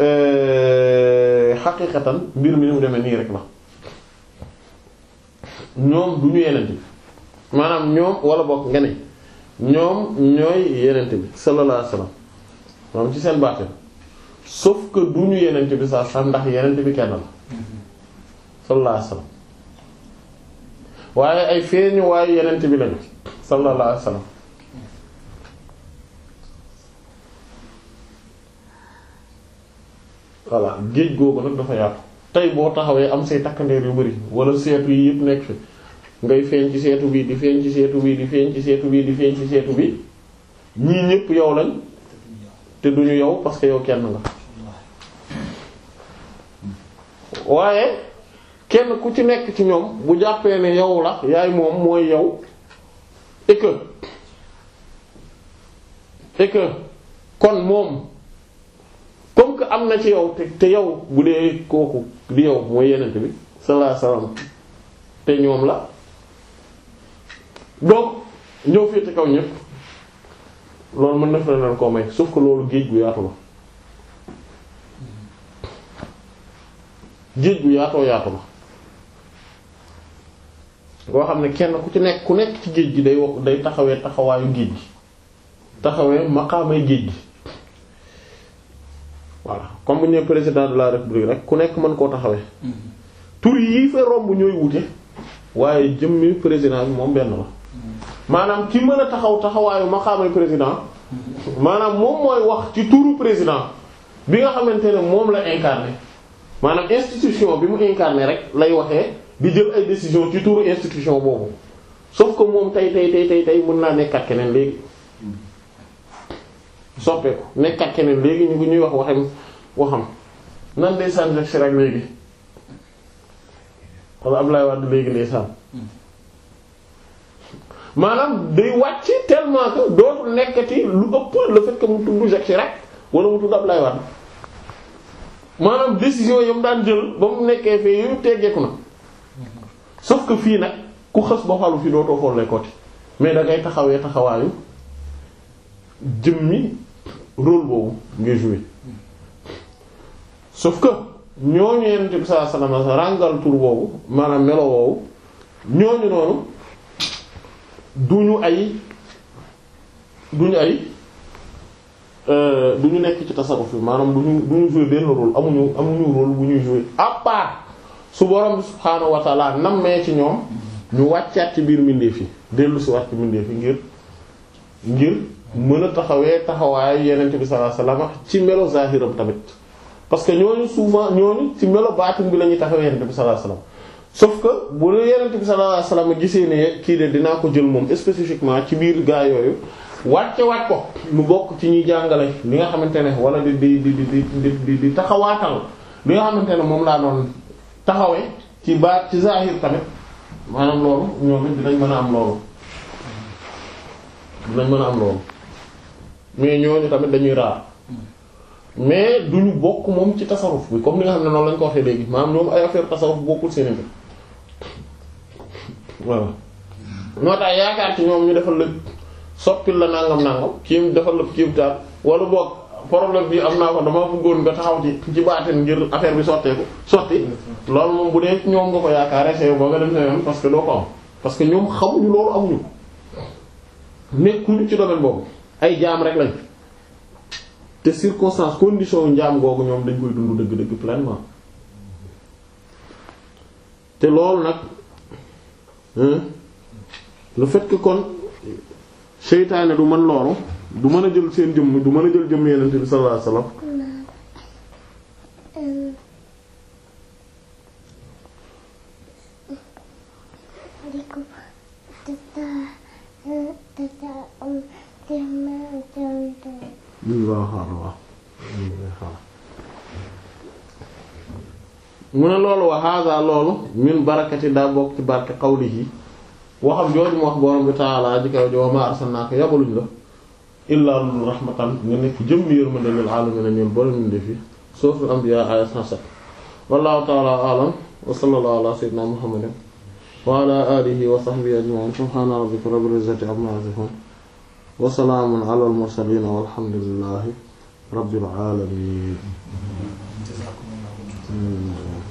euh, xaqiqatan mbir mi ni nii rek la ñoom du ñu yenent bi maanaam ñoom wala bokk nga ne ñoom ñooy yenente bi sallallahu alayhi moom ci seen baatin sauf que du ñu yenente bi saa saa ndax yenente bi kenn la sallallahu waaye ay feeñu waaye yenente bi lañu sallallahu alayhi géej googu nag dafa yàqu tey boo taxawee am say takkandeer yu bari wala seetu yi yëpp nekk fi ngay feeñ ci seetu bi di feeñ ci seetu bi di feeñ ci seetu bi di bi ñii ñépp yow lañ te duñu yow parce que yow kenn nga waaye kenn ku ci nekk ci ñoom bu jàppee ne yow la yaay moom mooy yow et que kon moom comme que am na ci yow te te yow bu dee kooku di yow mooy yenent bi sallallahu te ñoom la donc ñëw féete kaw ñëpp loolu mën na fa leen koo may sauf que loolu géej gu yaatu la géej gu yaatoo yaatu la boo xam ne kenn ku ci nekk ku nekk ci géej gi day wokk day taxawee taxawaayu géej gi taxawee maqaamay géej gi voilà comme bu ñu président de la république rek ku nekk mën koo taxawee mm-hmm. tur yii fa romb ñooy wute waaye jëmmi président bi moom benn la maanaam ci mën a taxaw taxawaayu maqaamay président maanaam moom mooy wax ci turu président bi nga xamante ne moom la incarné maanaam institution bi mu incarné rek lay waxee bi jël ay décision ci turu institution boobu sauf ko moom tey tey tey tey tey mën naa nekkat keneen léegi soppeeku nekkat keneen léegi ñu ngi ñuy wax waxem waxam nan day saan Jacques Chirac léegi wala Abdoulaye Wade léegi day saan maanaam day wàcc tellement que dootul nekkati lu ëpp le fait mu tudd Jacques Chirac wala mu tudd Abdoulaye Wade maanaam décision yam daan jël ba mu nekkee fee yooyu teggeeku na sauf que fii nag ku xës ba xalu fi dootoo folle côté mais da ngay taxawee taxawaayu jëmmi rôle boobu ngay jouer sauf que ñooñu yenn ci saa salaama rangal tur boobu maanaam melo woowu ñooñu noonu. duñu ay duñu ay euh, duñu nekk ci tasaruf yi maanaam duñu duñu jouer benn rôle amuñu amuñu rôle bu ñuy jouer à part su borom bi subhaanahu wa ta'ala nammee ci ñoom ñu wàccaat ci biir mbindeef fi dellu si wàcc mbindeef yi ngir ngir mën a taxawee taxawaayu yenente bi sallallahu alayhi wasallam ci melo zahiram tamit parce que ñooñu souvent ñooñu ci melo baatin bi la ñuy taxawee yenente bi sallallahu sauf que bu la yonent bi sallallahu alayhi gisee ne kii de dinaa ko jël moom spécifiquement ci biir gaa yooyu wàcce waat ko mu bokk ci ñuy jàngale li nga xamante ne wala di di di di di di taxawaatal li nga xamante ne moom laa doon taxawee ci baat ci zahir tamit maanaam loolu ñoom dinañ mën a am loolu dinañ mën a am loolu mais ñooñu tamit dañuy raar mais duñu bokk moom ci tasawuf bi comme li ko waxee léegi maanaam ñoom ay affaire tasawuf bokkul waaw moo tax yaakaar ci ñoom ñu defal la soppil la nangam nangam kiim defal la kiimtaan wala boog problème bi am naa ko dama bëggoon nga taxaw ci ci baatin ngir affaire bi sotteeku sotti loolu moom bu dee ñoom nga ko yaakaare sa boo nga dem sa yoon parce que doo ko am parce que ñoom xamuñu loolu amuñu ko nekkuñu ci domaine boobu ay jaam rek lañ te circonstance condition yu njaam googu ñoom dañ koy dund dëgg-dëgg pleinement te loolu nag lu fait kon seytaane du mën loolu du mën a jël seen jëmm du mën a jël jëmm yenente bi sallallahu alayhi wasallam waaw waaw mu ne loolu wa hada loolu min barakati daa bokk ci barke qawlihi waxam jooju mu wax borom bi taala ji kaw ji wa ma arsalnaaka yabaluñ la illaa rahmatan nga nekk jëmm yërmande lil aalamiina ñeen borom ñu def fi suuratul anbiyaa aaya 107 wallahu taala alam wa sallallahu ala sayyidina muhammadin wa ala wa sahbihi ajma'in subhana rabbika rabbil izzati amma yasifun wa salaamun ala al mursalin walhamdulillahi Mm.